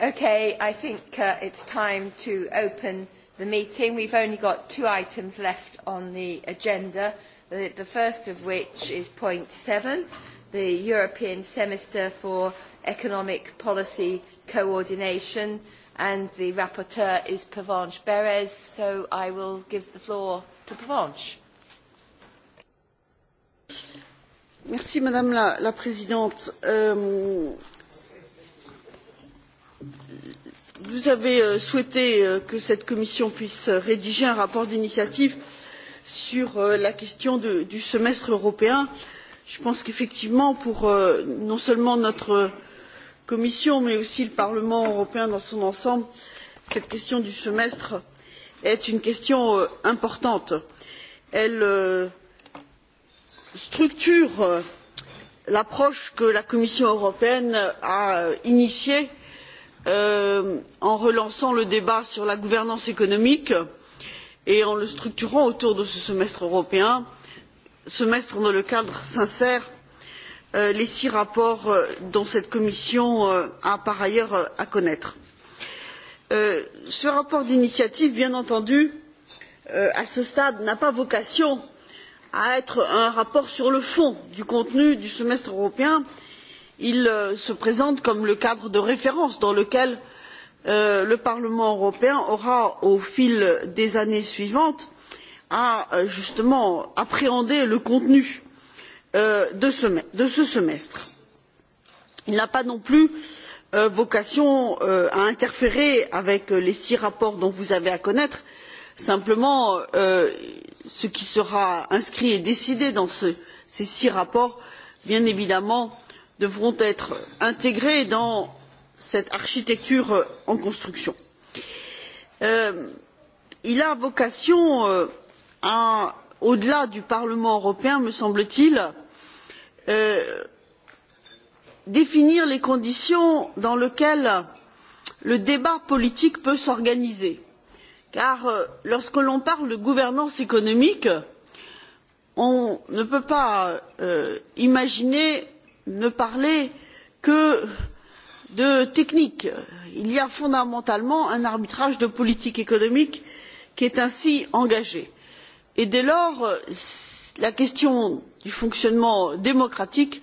Okay, I think uh, it's time to open the meeting. We've only got two items left on the agenda, the, the first of which is point seven, the European Semester for Economic Policy Coordination, and the rapporteur is Pavanche Beres, so I will give the floor to Pavanche. Merci Madame la, la Présidente. Um, vous avez euh, souhaité euh, que cette commission puisse euh, rédiger un rapport d'initiative sur la question de, du semestre européen. Je pense qu'effectivement, pour non seulement notre commission, mais aussi le Parlement européen dans son ensemble, cette question du semestre est une question importante. Elle structure l'approche que la Commission européenne a initiée Euh, en relançant le débat sur la gouvernance économique et en le structurant autour de ce semestre européen, semestre dans le cadre sincère euh, les six rapports euh, dont cette commission euh, a par ailleurs euh, à connaître. Euh, ce rapport d'initiative, bien entendu, à ce stade, n'a pas vocation à être un rapport sur le fond du contenu du semestre européen, il euh, se présente comme le cadre de référence dans lequel euh, le Parlement européen aura, au fil des années suivantes, à euh, justement appréhender le contenu de, ce, semestre. Il n'a pas non plus vocation à interférer avec les six rapports dont vous avez à connaître. Simplement, ce qui sera inscrit et décidé dans ces six rapports, bien évidemment, devront être intégrés dans cette architecture euh, en construction. Euh, il a vocation euh, au delà du Parlement européen, me semble t il, euh, définir les conditions dans lesquelles le débat politique peut s'organiser car euh, lorsque l'on parle de gouvernance économique, on ne peut pas euh, imaginer ne parler que de technique. Il y a fondamentalement un arbitrage de politique économique qui est ainsi engagé. Et dès lors, la question du fonctionnement démocratique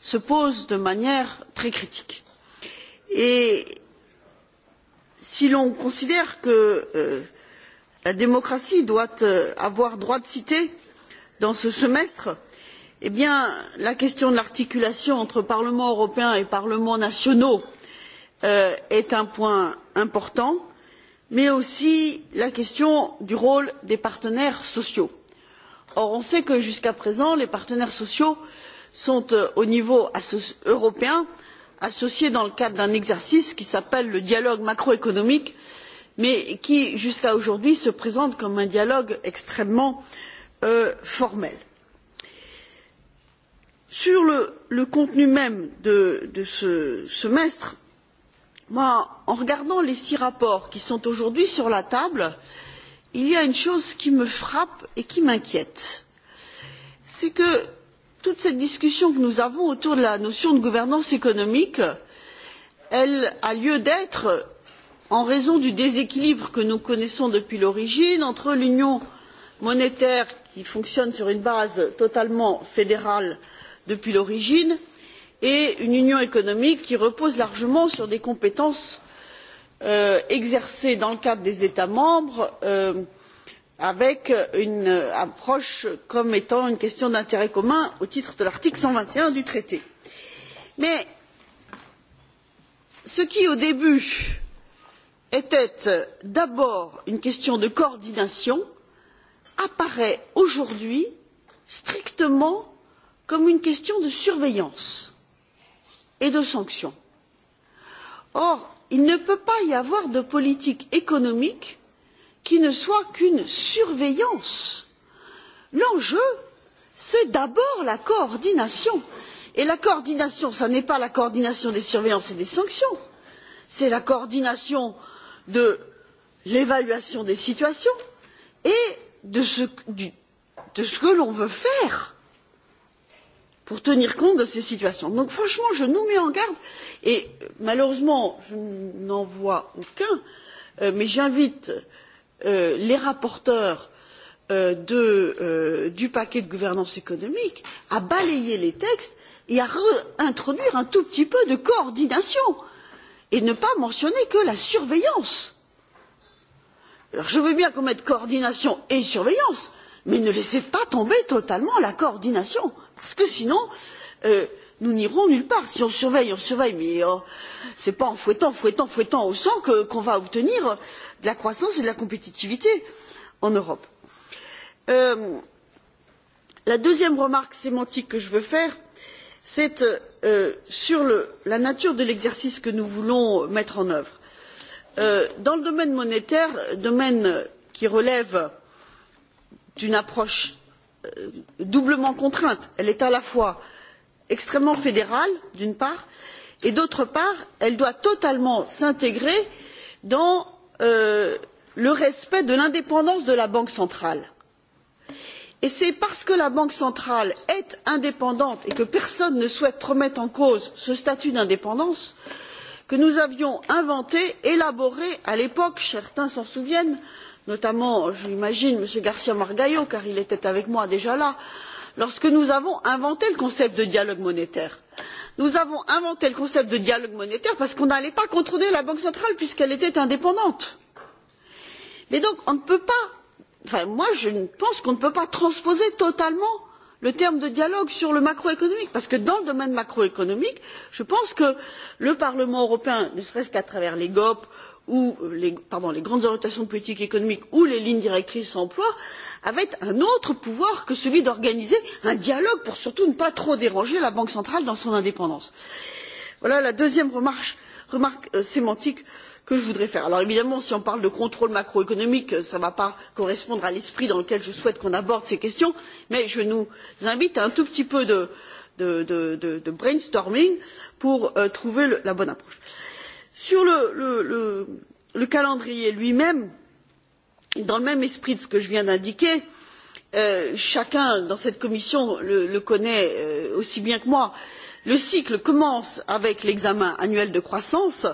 se pose de manière très critique. Et si l'on considère que euh, la démocratie doit euh, avoir droit de cité dans ce semestre, euh, eh bien, la question de l'articulation entre Parlement européen et Parlements nationaux euh, est un point important, mais aussi la question du rôle des partenaires sociaux. Or, on sait que jusqu'à présent, les partenaires sociaux sont euh, au niveau européen associés dans le cadre d'un exercice qui s'appelle le dialogue macroéconomique, mais qui jusqu'à aujourd'hui se présente comme un dialogue extrêmement euh, formel. Sur le, le, contenu même de, de ce semestre, moi, en regardant les six rapports qui sont aujourd'hui sur la table, il y a une chose qui me frappe et qui m'inquiète. C'est que toute cette discussion que nous avons autour de la notion de gouvernance économique, elle a lieu d'être en raison du déséquilibre que nous connaissons depuis l'origine entre l'union monétaire qui fonctionne sur une base totalement fédérale depuis l'origine et une union économique qui repose largement sur des compétences euh, exercées dans le cadre des états membres euh, avec une approche comme étant une question d'intérêt commun au titre de l'article cent vingt et un du traité. mais ce qui au début était d'abord une question de coordination apparaît aujourd'hui strictement comme une question de surveillance et de sanction. Or, il ne peut pas y avoir de politique économique qui ne soit qu'une surveillance. L'enjeu, c'est d'abord la coordination. Et la coordination, ce n'est pas la coordination des surveillances et des sanctions, c'est la coordination de l'évaluation des situations et de ce, du, de ce que l'on veut faire pour tenir compte de ces situations. Donc franchement, je nous mets en garde et malheureusement, je n'en vois aucun, euh, mais j'invite euh, les rapporteurs euh, de, euh, du paquet de gouvernance économique à balayer les textes et à réintroduire un tout petit peu de coordination et ne pas mentionner que la surveillance. Alors je veux bien qu'on mette coordination et surveillance, mais ne laissez pas tomber totalement la coordination, parce que sinon, euh, nous n'irons nulle part. Si on surveille, on surveille, mais euh, ce n'est pas en fouettant, fouettant, fouettant au sang qu'on qu va obtenir de la croissance et de la compétitivité en Europe. Euh, la deuxième remarque sémantique que je veux faire, c'est euh, sur le, la nature de l'exercice que nous voulons mettre en œuvre. Euh, dans le domaine monétaire, domaine qui relève d'une approche euh, doublement contrainte. Elle est à la fois extrêmement fédérale, d'une part, et d'autre part, elle doit totalement s'intégrer dans euh, le respect de l'indépendance de la Banque centrale. Et c'est parce que la Banque centrale est indépendante et que personne ne souhaite remettre en cause ce statut d'indépendance que nous avions inventé, élaboré à l'époque, certains s'en souviennent, notamment, j'imagine, M. Garcia Margallo, car il était avec moi déjà là, lorsque nous avons inventé le concept de dialogue monétaire. Nous avons inventé le concept de dialogue monétaire parce qu'on n'allait pas contrôler la Banque centrale puisqu'elle était indépendante. Mais donc, on ne peut pas, enfin, moi, je pense qu'on ne peut pas transposer totalement le terme de dialogue sur le macroéconomique parce que dans le domaine macroéconomique je pense que le parlement européen ne serait ce qu'à travers les gop ou les, pardon, les grandes orientations politiques et économiques ou les lignes directrices emploi avaient un autre pouvoir que celui d'organiser un dialogue pour surtout ne pas trop déranger la Banque centrale dans son indépendance. Voilà la deuxième remarque, remarque euh, sémantique que je voudrais faire. Alors évidemment, si on parle de contrôle macroéconomique, euh, ça ne va pas correspondre à l'esprit dans lequel je souhaite qu'on aborde ces questions, mais je nous invite à un tout petit peu de, de, de, de, de brainstorming pour euh, trouver le, la bonne approche. Euh, Sur le, le, le, le calendrier lui-même, dans le même esprit de ce que je viens d'indiquer, euh, chacun dans cette commission le, le connaît euh, aussi bien que moi. Le cycle commence avec l'examen annuel de croissance,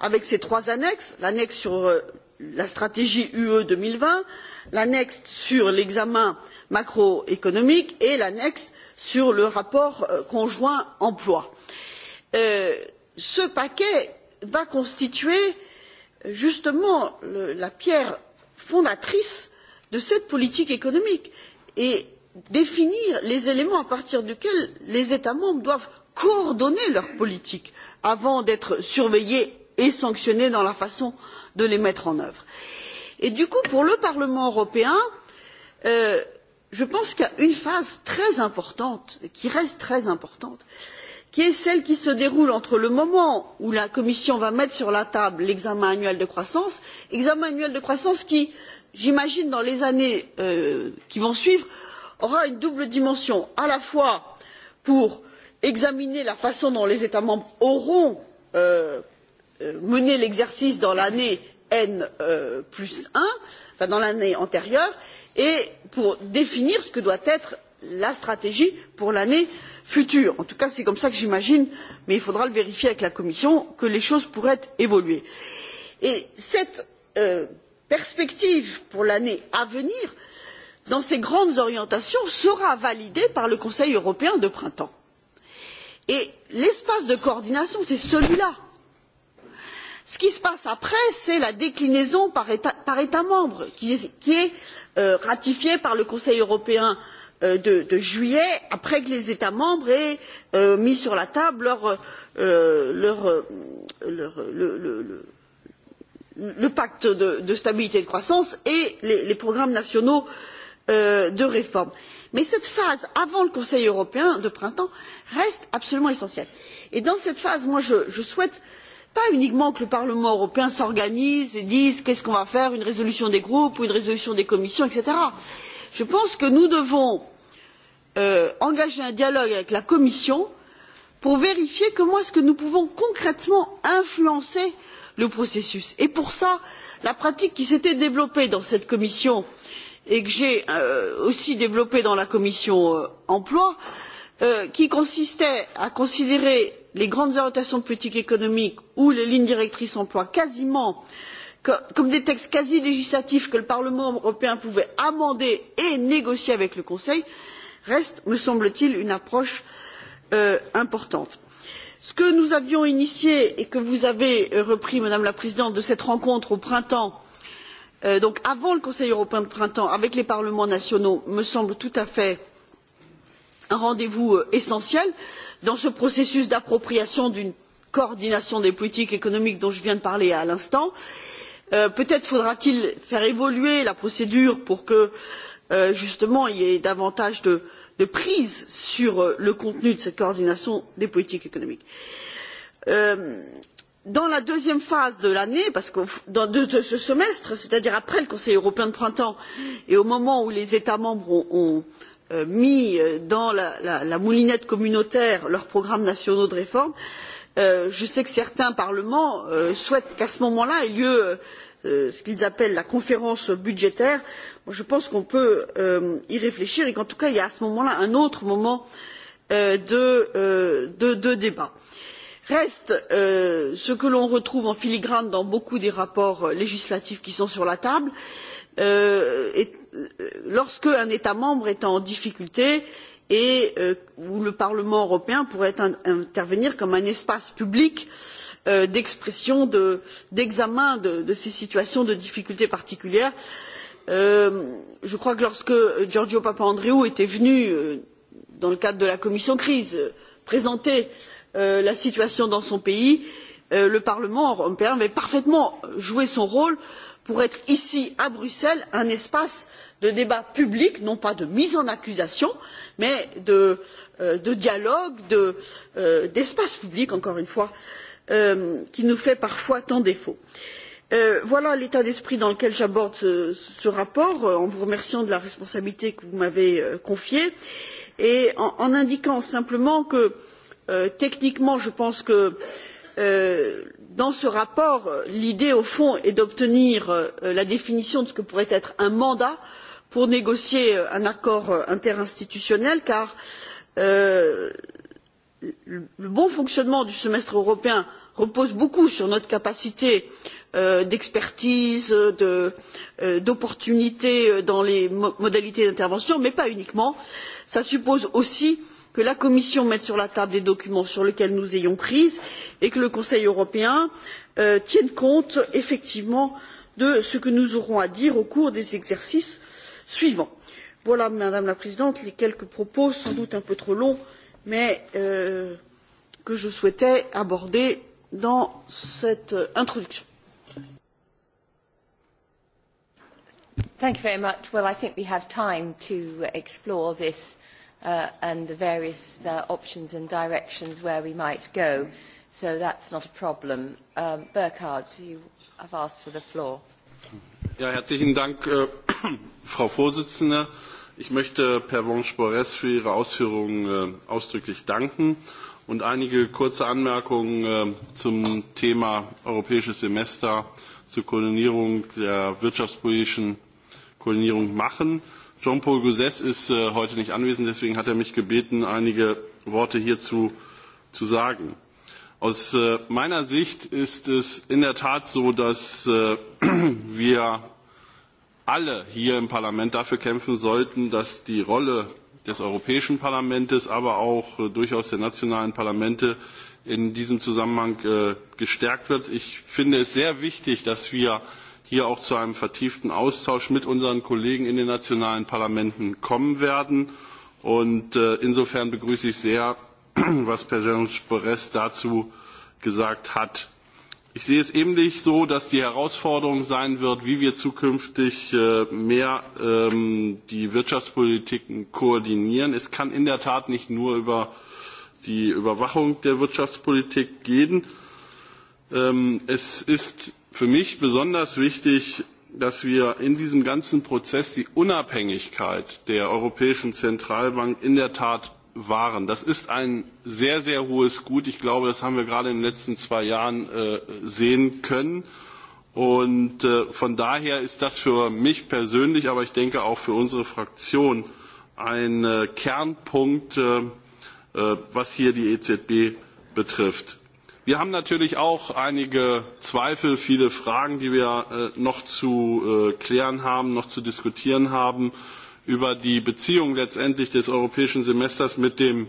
avec ses trois annexes, l'annexe sur euh, la stratégie UE deux mille vingt, l'annexe sur l'examen macroéconomique et l'annexe sur le rapport euh, conjoint emploi. Euh, ce paquet va constituer euh, justement le, la pierre fondatrice de cette politique économique et définir les éléments à partir desquels les États membres doivent coordonner leurs politiques avant d'être surveillés et sanctionnés dans la façon de les mettre en œuvre. Et du coup, pour le Parlement européen, euh, je pense qu'il y a une phase très importante, qui reste très importante, euh, qui est celle qui se déroule entre le moment où la commission va mettre sur la table l'examen annuel de croissance examen annuel de croissance qui j'imagine dans les années euh, qui vont suivre aura une double dimension à la fois pour examiner la façon dont les états membres auront euh, euh, mené l'exercice dans l'année n un enfin dans l'année antérieure et pour définir ce que doit être la stratégie pour l'année n futur en tout cas c'est comme cela que j'imagine mais il faudra le vérifier avec la commission que les choses pourraient évoluer. Et cette euh, perspective pour l'année à venir dans ses grandes orientations sera validée par le conseil européen de printemps. et l'espace de coordination c'est celui là. ce qui se passe après c'est la déclinaison par état, par état membre qui, qui est euh, ratifiée par le conseil européen Euh, de, de juillet après que les États membres aient euh, mis sur la table leur, euh, leur, euh, leur, euh, le, le, le, le pacte de, de stabilité et de croissance et les, les programmes nationaux euh, de réforme. Mais cette phase avant le Conseil européen de printemps reste absolument essentielle. Et dans cette phase, moi, je, je souhaite pas uniquement que le Parlement européen s'organise et dise qu'est-ce qu'on va faire, une résolution des groupes ou une résolution des commissions, etc. Je pense que nous devons euh, engager un dialogue avec la Commission pour vérifier comment est-ce que nous pouvons concrètement influencer le processus. Et pour cela, la pratique qui s'était développée dans cette commission et que j'ai euh, aussi développée dans la commission euh, emploi, euh, qui consistait à considérer les grandes orientations de politique économique ou les lignes directrices emploi quasiment comme des textes quasi législatifs que le Parlement européen pouvait amender et négocier avec le Conseil, reste me semble t il une approche euh, importante. ce que nous avions initié et que vous avez euh, repris madame la présidente de cette rencontre au printemps euh, donc avant le conseil européen de printemps avec les parlements nationaux me semble tout à fait un rendez vous euh, essentiel dans ce processus d'appropriation d'une coordination des politiques économiques dont je viens de parler à l'instant. Euh, peut être faudra t il faire évoluer la procédure pour que Euh, justement il y ait davantage de, de prise sur euh, le contenu de cette coordination des politiques économiques. Euh, dans la deuxième phase de l'année, parce que dans de, de ce semestre, c'est-à-dire après le Conseil européen de printemps et au moment où les États membres ont, ont mis dans la, la, la moulinette communautaire leurs programmes nationaux de réforme, euh, je sais que certains parlements euh, souhaitent qu'à ce moment-là ait lieu euh, Euh, ce qu'ils appellent la conférence budgétaire je pense qu'on peut euh, y réfléchir et qu'en tout cas il y a à ce moment là un autre moment euh, de, de, de débat. reste ce que l'on retrouve en filigrane dans beaucoup des rapports législatifs qui sont sur la table et lorsqu'un état membre est en difficulté et où le parlement européen pourrait intervenir comme un espace public pour Euh, d'expression, d'examen de, de, ces situations de difficultés particulières. Euh, je crois que lorsque Giorgio Papandreou était venu, euh, dans le cadre de la commission crise, présenter euh, la situation dans son pays, le Parlement européen avait parfaitement joué son rôle pour être ici, à Bruxelles, un espace de débat public, non pas de mise en accusation, mais de, euh, de dialogue, d'espace de, euh, public, encore une fois, Euh, qui nous fait parfois tant défaut. Euh, voilà l'état d'esprit dans lequel j'aborde ce, ce rapport euh, en vous remerciant de la responsabilité que vous m'avez confiée et en, en indiquant simplement que euh, techniquement je pense que euh, dans ce rapport l'idée au fond est d'obtenir euh, la définition de ce que pourrait être un mandat pour négocier un accord interinstitutionnel car euh, le bon fonctionnement du semestre européen repose beaucoup sur notre capacité euh, d'expertise, d'opportunité de, euh, euh, dans les mo modalités d'intervention, mais pas uniquement. Cela suppose aussi que la Commission mette sur la table des documents sur lesquels nous ayons prise et que le Conseil européen euh, tienne compte effectivement de ce que nous aurons à dire au cours des exercices suivants. Voilà, Madame la Présidente, les quelques propos sans doute un peu trop longs mais euh, que je souhaitais aborder dans cette euh, introduction. Thank you very much. Well, I think we have time to explore this uh, and the various uh, options and directions where we might go. So that's not a problem. Um, Burkhard, you have asked for the floor. Ja, herzlichen Dank, äh, Frau Vorsitzende. Ich möchte Pervenche Borges für Ihre Ausführungen äh, ausdrücklich danken und einige kurze Anmerkungen äh, zum Thema europäisches Semester zur Koordinierung der wirtschaftspolitischen Koordinierung machen. Jean-Paul Gauzès ist äh, heute nicht anwesend, deswegen hat er mich gebeten, einige Worte hierzu zu sagen. Aus äh, meiner Sicht ist es in der Tat so, dass äh, wir alle hier im Parlament dafür kämpfen sollten, dass die Rolle des Europäischen Parlaments, aber auch äh, durchaus der nationalen Parlamente in diesem Zusammenhang äh, gestärkt wird. Ich finde es sehr wichtig, dass wir hier auch zu einem vertieften Austausch mit unseren Kollegen in den nationalen Parlamenten kommen werden. Und äh, insofern begrüße ich sehr, was Pervenche Beres dazu gesagt hat. Ich sehe es ähnlich so, dass die Herausforderung sein wird, wie wir zukünftig äh, mehr ähm, die Wirtschaftspolitiken koordinieren. Es kann in der Tat nicht nur über die Überwachung der Wirtschaftspolitik gehen. Ähm, es ist für mich besonders wichtig, dass wir in diesem ganzen Prozess die Unabhängigkeit der Europäischen Zentralbank in der Tat waren. Das ist ein sehr, sehr hohes Gut. Ich glaube, das haben wir gerade in den letzten zwei Jahren äh, sehen können. Und äh, von daher ist das für mich persönlich, aber ich denke auch für unsere Fraktion ein äh, Kernpunkt, was hier die EZB betrifft. Wir haben natürlich auch einige Zweifel, viele Fragen, die wir noch zu klären haben, noch zu diskutieren haben über die Beziehung letztendlich des europäischen Semesters mit dem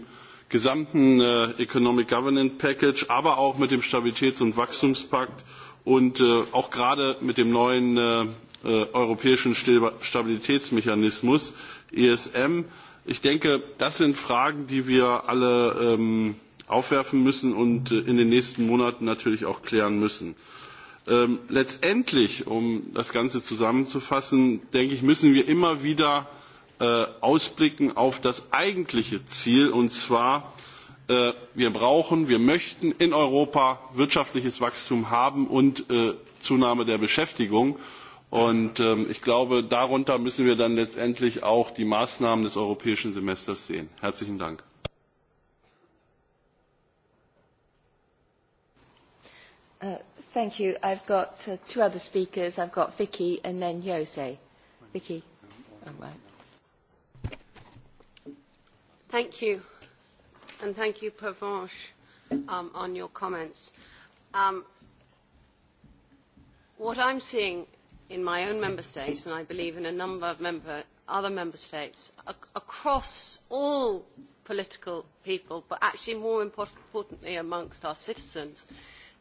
gesamten äh, Economic Governance Package, aber auch mit dem Stabilitäts- und Wachstumspakt und äh, auch gerade mit dem neuen äh, europäischen Stabilitätsmechanismus ESM. Ich denke, das sind Fragen, die wir alle ähm, aufwerfen müssen und äh, in den nächsten Monaten natürlich auch klären müssen. Ähm, letztendlich, um das Ganze zusammenzufassen, denke ich, müssen wir immer wieder Äh, ausblicken auf das eigentliche Ziel, und zwar äh, wir brauchen, wir möchten in Europa wirtschaftliches Wachstum haben und äh, Zunahme der Beschäftigung. Und ähm, ich glaube, darunter müssen wir dann letztendlich auch die Maßnahmen des europäischen Semesters sehen. Herzlichen Dank. Uh, thank you. I've got uh, two other speakers. I've got Vicky and then Jose. Vicky. Oh, right. Thank you. And thank you, Pervenche, um, on your comments. Um, what I'm seeing in my own member state, and I believe in a number of member, other member states, ac across all political people, but actually more import importantly amongst our citizens,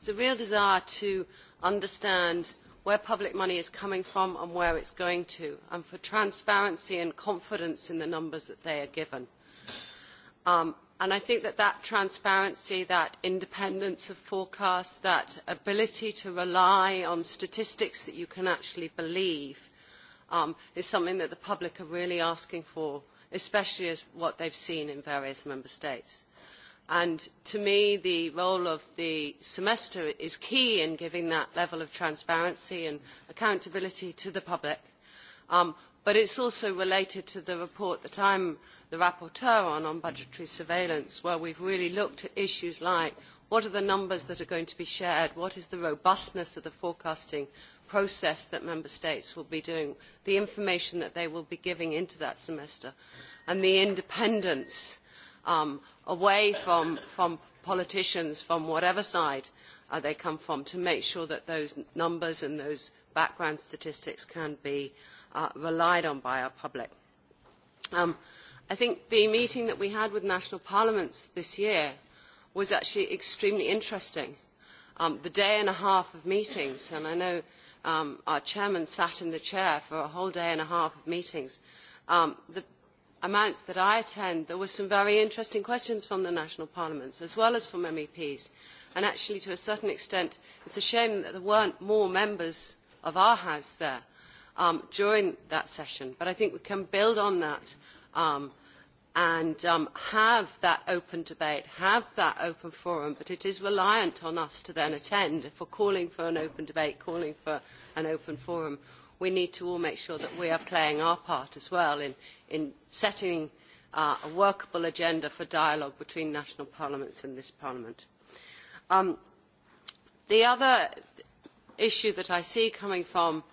is a real desire to understand where public money is coming from and where it is going to, and for transparency and confidence in the numbers that they are given. Um, and I think that that transparency, that independence of forecast, that ability to rely on statistics that you can actually believe um, is something that the public are really asking for, especially as what they've seen in various member states. And to me, the role of the semester is key in giving that level of transparency and accountability to the public. Um, But it is also related to the report that I am the rapporteur on, on budgetary surveillance, where we have really looked at issues like what are the numbers that are going to be shared, what is the robustness of the forecasting process that member states will be doing, the information that they will be giving into that semester, and the independence um, away from, from politicians from whatever side uh, they come from to make sure that those numbers and those background statistics can be uh, relied on by our public. Um, I think the meeting that we had with national parliaments this year was actually extremely interesting. Um, the day and a half of meetings, and I know um, our chairman sat in the chair for a whole day and a half of meetings. Um, the amounts that I attend, there were some very interesting questions from the national parliaments, as well as from MEPs. And actually, to a certain extent, it is a shame that there were not more members of our House there um, during that session. But I think we can build on that um, and um, have that open debate, have that open forum, but it is reliant on us to then attend. If we're calling for an open debate, calling for an open forum, we need to all make sure that we are playing our part as well in, in setting uh, a workable agenda for dialogue between national parliaments and this parliament. Um, the other issue that I see coming from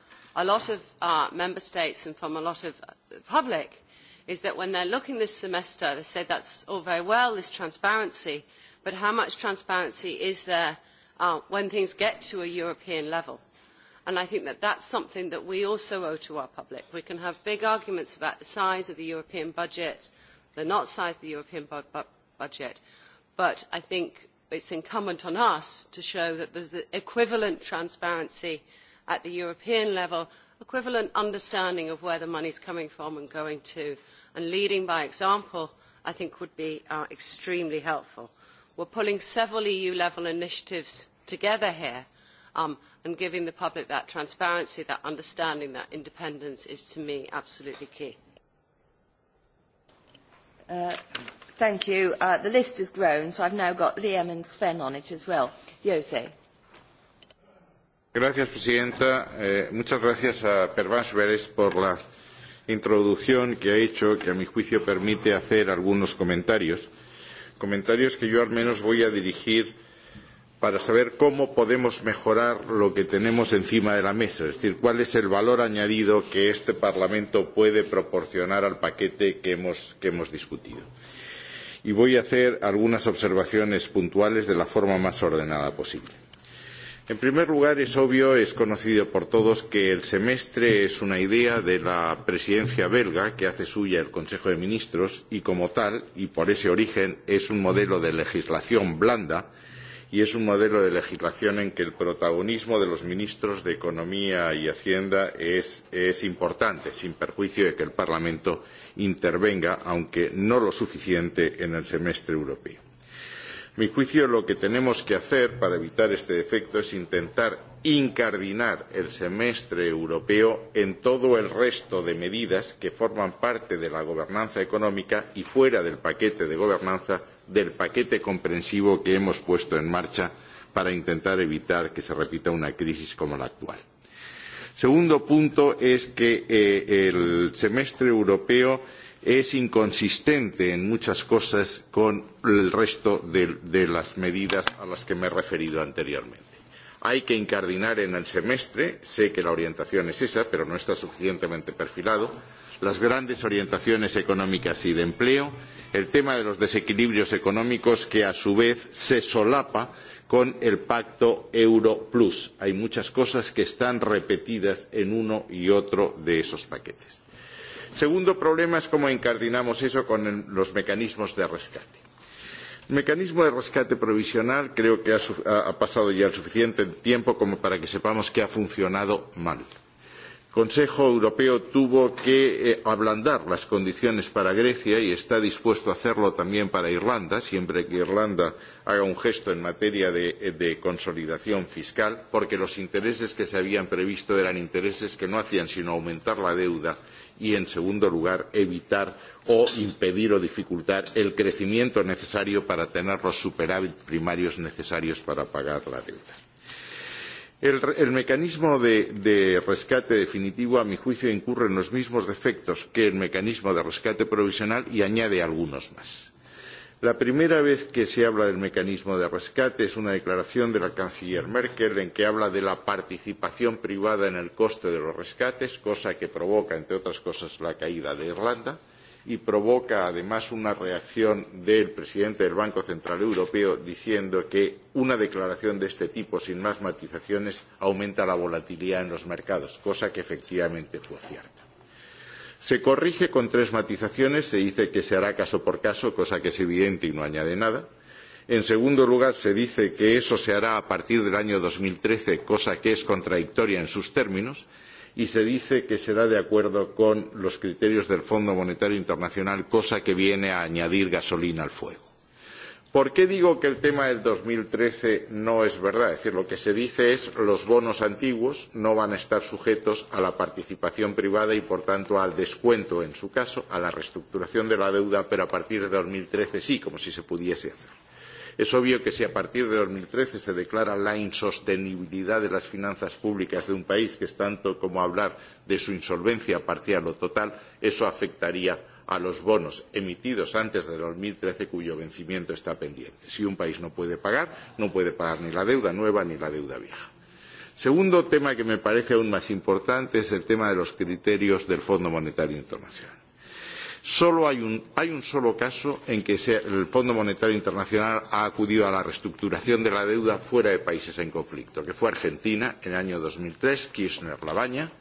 a lot of uh, member states and from a lot of uh, the public is that when they are looking this semester, they say that is all very well, this transparency, but how much transparency is there uh, when things get to a European level? And I think that is something that we also owe to our public. We can have big arguments about the size of the European budget, the not size of the European bu bu budget, but I think it is incumbent on us to show that there is the equivalent transparency at the European level equivalent understanding of where the money is coming from and going to. And leading by example, I think, would be uh, extremely helpful. We are pulling several EU-level initiatives together here um, and giving the public that transparency, that understanding, that independence is to me absolutely key. Uh, thank you. Uh, the list has grown, so I've now got Liam and Sven on it as well. Jose. Gracias, Presidenta. Eh, muchas gracias a Pervans Beres por la introducción que ha hecho, que a mi juicio permite hacer algunos comentarios. Comentarios que yo al menos voy a dirigir para saber cómo podemos mejorar lo que tenemos encima de la mesa, es decir, cuál es el valor añadido que este Parlamento puede proporcionar al paquete que hemos, que hemos discutido. Y voy a hacer algunas observaciones puntuales de la forma más ordenada posible. En primer lugar, es obvio, es conocido por todos que el semestre es una idea de la presidencia belga que hace suya el Consejo de Ministros y como tal, y por ese origen, es un modelo de legislación blanda y es un modelo de legislación en que el protagonismo de los ministros de Economía y Hacienda es, es importante, sin perjuicio de que el Parlamento intervenga, aunque no lo suficiente, en el semestre europeo. Mi juicio lo que tenemos que hacer para evitar este defecto es intentar incardinar el semestre europeo en todo el resto de medidas que forman parte de la gobernanza económica y fuera del paquete de gobernanza del paquete comprensivo que hemos puesto en marcha para intentar evitar que se repita una crisis como la actual. Segundo punto es que eh, el semestre europeo es inconsistente en muchas cosas con el resto de, de las medidas a las que me he referido anteriormente. Hay que incardinar en el semestre, sé que la orientación es esa, pero no está suficientemente perfilado, las grandes orientaciones económicas y de empleo, el tema de los desequilibrios económicos que a su vez se solapa con el pacto Euro Plus. Hay muchas cosas que están repetidas en uno y otro de esos paquetes. Segundo problema es cómo encardinamos eso con los mecanismos de rescate. El mecanismo de rescate provisional creo que ha, ha pasado ya el suficiente tiempo como para que sepamos que ha funcionado mal. El Consejo Europeo tuvo que eh, ablandar las condiciones para Grecia y está dispuesto a hacerlo también para Irlanda, siempre que Irlanda haga un gesto en materia de, eh, de consolidación fiscal, porque los intereses que se habían previsto eran intereses que no hacían sino aumentar la deuda y, en segundo lugar, evitar o impedir o dificultar el crecimiento necesario para tener los superávit primarios necesarios para pagar la deuda. El, el mecanismo de, de, rescate definitivo, a mi juicio, incurre en los mismos defectos que el mecanismo de rescate provisional y añade algunos más. La primera vez que se habla del mecanismo de rescate es una declaración de la canciller Merkel en que habla de la participación privada en el coste de los rescates, cosa que provoca, entre otras cosas, la caída de Irlanda y provoca además una reacción del presidente del Banco Central Europeo diciendo que una declaración de este tipo sin más matizaciones aumenta la volatilidad en los mercados, cosa que efectivamente fue cierta. Se corrige con tres matizaciones, se dice que se hará caso por caso, cosa que es evidente y no añade nada. En segundo lugar, se dice que eso se hará a partir del año dos mil trece, cosa que es contradictoria en sus términos, y se dice que será de acuerdo con los criterios del Fondo Monetario Internacional, cosa que viene a añadir gasolina al fuego. ¿Por qué digo que el tema del dos mil trece no es verdad? Es decir, lo que se dice es que los bonos antiguos no van a estar sujetos a la participación privada y, por tanto, al descuento, en su caso, a la reestructuración de la deuda, pero a partir de dos mil trece sí, como si se pudiese hacer. Es obvio que si a partir de dos mil trece se declara la insostenibilidad de las finanzas públicas de un país, que es tanto como hablar de su insolvencia parcial o total, eso afectaría a los bonos emitidos antes de dos mil trece cuyo vencimiento está pendiente. Si un país no puede pagar, no puede pagar ni la deuda nueva ni la deuda vieja. Segundo tema que me parece aún más importante es el tema de los criterios del Fondo Monetario Internacional. Solo hay un, hay un solo caso en que se, el Fondo Monetario Internacional ha acudido a la reestructuración de la deuda fuera de países en conflicto, que fue Argentina en el año dos mil tres, Kirchner-Labaña,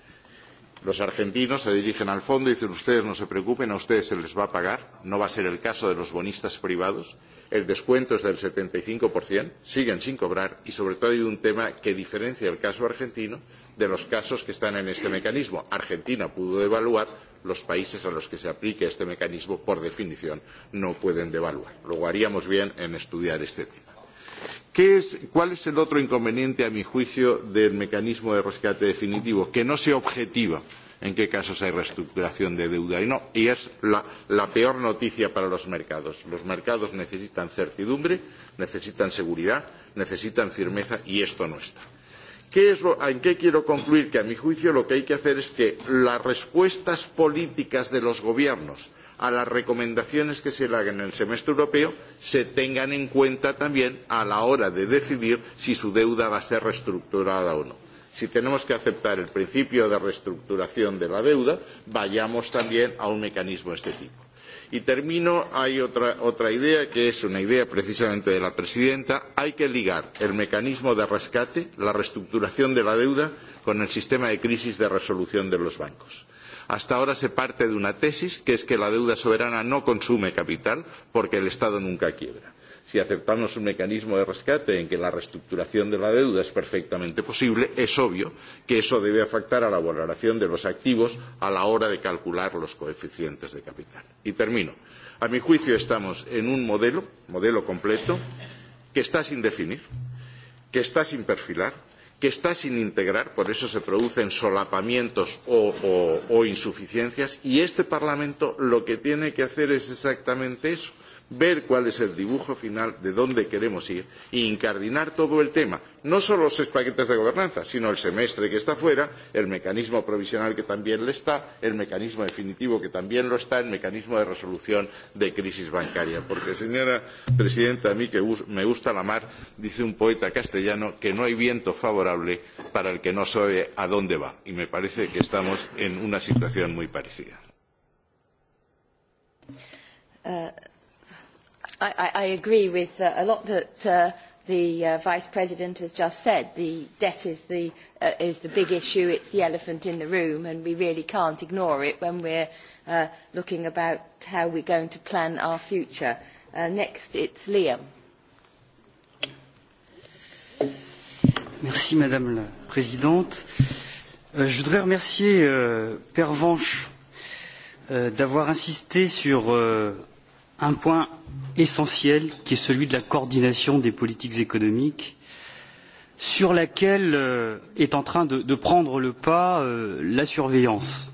Los argentinos se dirigen al fondo y dicen ustedes no se preocupen, a ustedes se les va a pagar. No va a ser el caso de los bonistas privados. El descuento es del 75%, siguen sin cobrar y sobre todo hay un tema que diferencia el caso argentino de los casos que están en este mecanismo. Argentina pudo devaluar, los países a los que se aplique este mecanismo, por definición, no pueden devaluar. Luego haríamos bien en estudiar este tema. ¿Qué es, ¿Cuál es el otro inconveniente, a mi juicio, del mecanismo de rescate definitivo? Que no se objetiva en qué casos hay reestructuración de deuda y no. Y es la, la peor noticia para los mercados. Los mercados necesitan certidumbre, necesitan seguridad, necesitan firmeza y esto no está. ¿Qué es lo, ¿En qué quiero concluir? Que a mi juicio lo que hay que hacer es que las respuestas políticas de los gobiernos a las recomendaciones que se hagan en el semestre europeo se tengan en cuenta también a la hora de decidir si su deuda va a ser reestructurada o no si tenemos que aceptar el principio de reestructuración de la deuda, vayamos también a un mecanismo de este tipo. Y termino, hay otra, otra idea que es una idea precisamente de la presidenta, hay que ligar el mecanismo de rescate, la reestructuración de la deuda, con el sistema de crisis de resolución de los bancos Hasta ahora se parte de una tesis que es que la deuda soberana no consume capital porque el Estado nunca quiebra. Si aceptamos un mecanismo de rescate en que la reestructuración de la deuda es perfectamente posible, es obvio que eso debe afectar a la valoración de los activos a la hora de calcular los coeficientes de capital. Y termino. A mi juicio estamos en un modelo, modelo completo, que está sin definir, que está sin perfilar, que está sin integrar, por eso se producen solapamientos o, o, o insuficiencias, y este Parlamento lo que tiene que hacer es exactamente eso, ver cuál es el dibujo final de dónde queremos ir e incardinar todo el tema, no solo los seis paquetes de gobernanza, sino el semestre que está fuera, el mecanismo provisional que también lo está, el mecanismo definitivo que también lo está, el mecanismo de resolución de crisis bancaria. Porque, señora presidenta, a mí que me gusta la mar, dice un poeta castellano que no hay viento favorable para el que no sabe a dónde va. Y me parece que estamos en una situación muy parecida. Uh, I, I agree with uh, a lot that uh, the uh, Vice President has just said. The debt is the, uh, is the big issue, it's the elephant in the room, and we really can't ignore it when we're uh, looking about how we're going to plan our future. Uh, next, it's Liam. Merci Madame la Présidente. Euh, je voudrais remercier euh, Pervenche euh, d'avoir insisté sur euh, un point essentiel qui est celui de la coordination des politiques économiques sur laquelle euh, est en train de, de prendre le pas euh, la surveillance.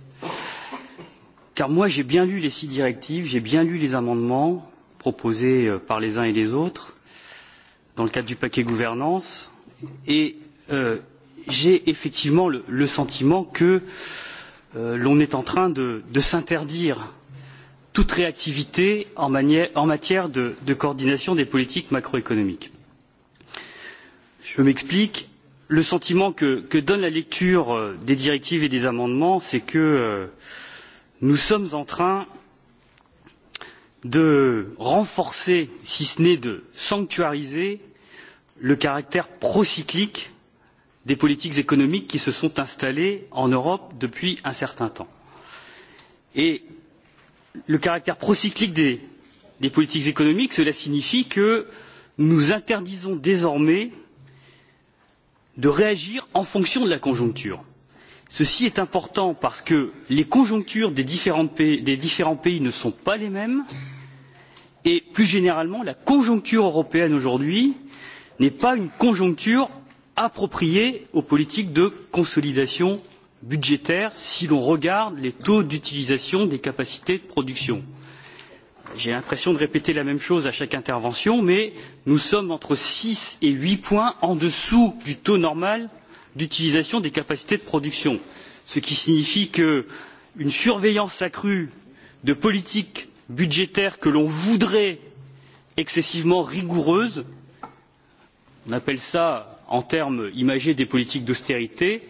Car moi j'ai bien lu les six directives, j'ai bien lu les amendements proposés euh, par les uns et les autres dans le cadre du paquet gouvernance et euh, j'ai effectivement le, le, sentiment que euh, l'on est en train de, de s'interdire toute réactivité en, en matière de, de coordination des politiques macroéconomiques. Je m'explique. Le sentiment que, que donne la lecture euh, des directives et des amendements, c'est que euh, nous sommes en train de renforcer, si ce n'est de sanctuariser, le caractère procyclique des politiques économiques qui se sont installées en Europe depuis un certain temps. Et le caractère procyclique des, des politiques économiques, cela signifie que nous interdisons désormais de réagir en fonction de la conjoncture. Ceci est important parce que les conjonctures des différents pays, des différents pays ne sont pas les mêmes et plus généralement la conjoncture européenne aujourd'hui n'est pas une conjoncture appropriée aux politiques de consolidation budgétaire si l'on regarde les taux d'utilisation des capacités de production. J'ai l'impression de répéter la même chose à chaque intervention, mais nous sommes entre six et huit points en dessous du taux normal d'utilisation des capacités de production, ce qui signifie qu'une surveillance accrue de politiques budgétaires que l'on voudrait excessivement rigoureuses, on appelle cela en termes imagés des politiques d'austérité,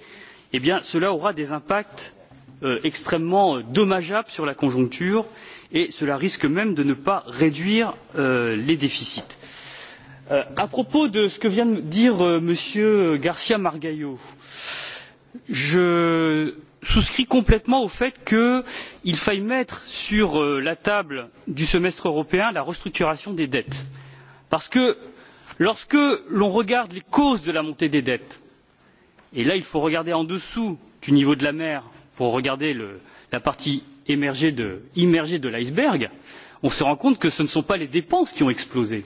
eh bien, cela aura des impacts euh, extrêmement dommageables sur la conjoncture et cela risque même de ne pas réduire euh, les déficits. Euh, à propos de ce que vient de dire euh, M. Garcia Margallo, je souscris complètement au fait qu'il faille mettre sur euh, la table du semestre européen la restructuration des dettes. Parce que lorsque l'on regarde les causes de la montée des dettes, Et là, il faut regarder en dessous du niveau de la mer pour regarder le, la partie émergée de, immergée de l'iceberg. On se rend compte que ce ne sont pas les dépenses qui ont explosé.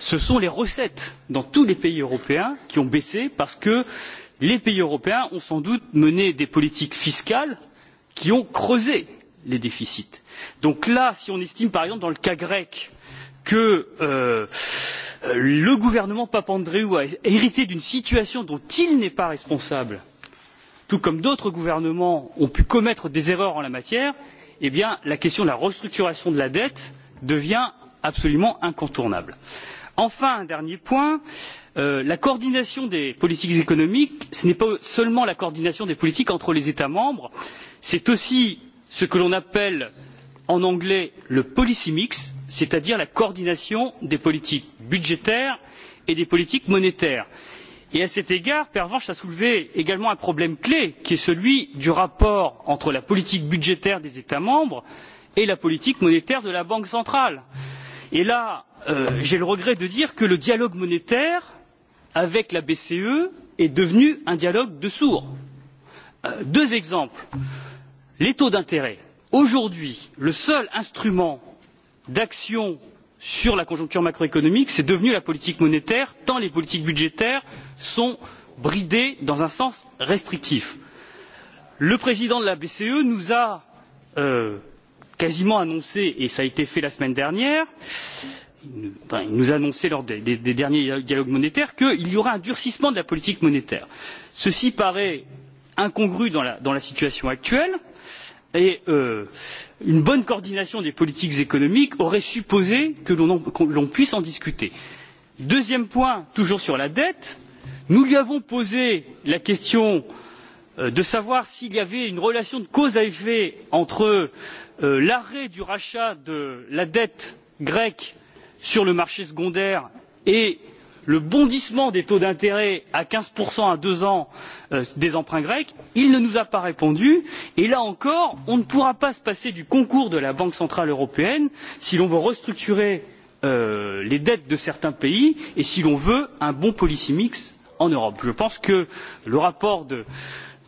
Ce sont les recettes dans tous les pays européens qui ont baissé parce que les pays européens ont sans doute mené des politiques fiscales qui ont creusé les déficits. Donc là, si on estime par exemple dans le cas grec que euh, Euh, le gouvernement Papandréou a hérité d'une situation dont il n'est pas responsable, tout comme d'autres gouvernements ont pu commettre des erreurs en la matière, eh bien, la question de la restructuration de la dette devient absolument incontournable. Enfin, un dernier point, euh, la coordination des politiques économiques, ce n'est pas seulement la coordination des politiques entre les États membres, c'est aussi ce que l'on appelle en anglais le policy mix, c'est-à-dire la coordination des politiques budgétaires et des politiques monétaires. Et à cet égard, Pervenche a soulevé également un problème clé, qui est celui du rapport entre la politique budgétaire des États membres et la politique monétaire de la Banque centrale. Et là, euh, j'ai le regret de dire que le dialogue monétaire avec la BCE est devenu un dialogue de sourds. Euh, deux exemples. Les taux d'intérêt. Aujourd'hui, le seul instrument d'action sur la conjoncture macroéconomique, c'est devenu la politique monétaire, tant les politiques budgétaires sont bridées dans un sens restrictif. Le président de la BCE nous a euh, quasiment annoncé, et cela a été fait la semaine dernière, il nous a annoncé lors des, des, des derniers dialogues monétaires qu'il y aura un durcissement de la politique monétaire. Ceci paraît incongru dans la, dans la situation actuelle, et euh, une bonne coordination des politiques économiques aurait supposé que l'on puisse en discuter. Deuxième point, toujours sur la dette, nous lui avons posé la question euh, de savoir s'il y avait une relation de cause à effet entre euh, l'arrêt du rachat de la dette grecque sur le marché secondaire et le bondissement des taux d'intérêt à quinze à deux ans euh, des emprunts grecs, il ne nous a pas répondu. Et là encore, on ne pourra pas se passer du concours de la Banque centrale européenne si l'on veut restructurer euh, les dettes de certains pays et si l'on veut un bon policy mix en Europe. Je pense que le rapport de,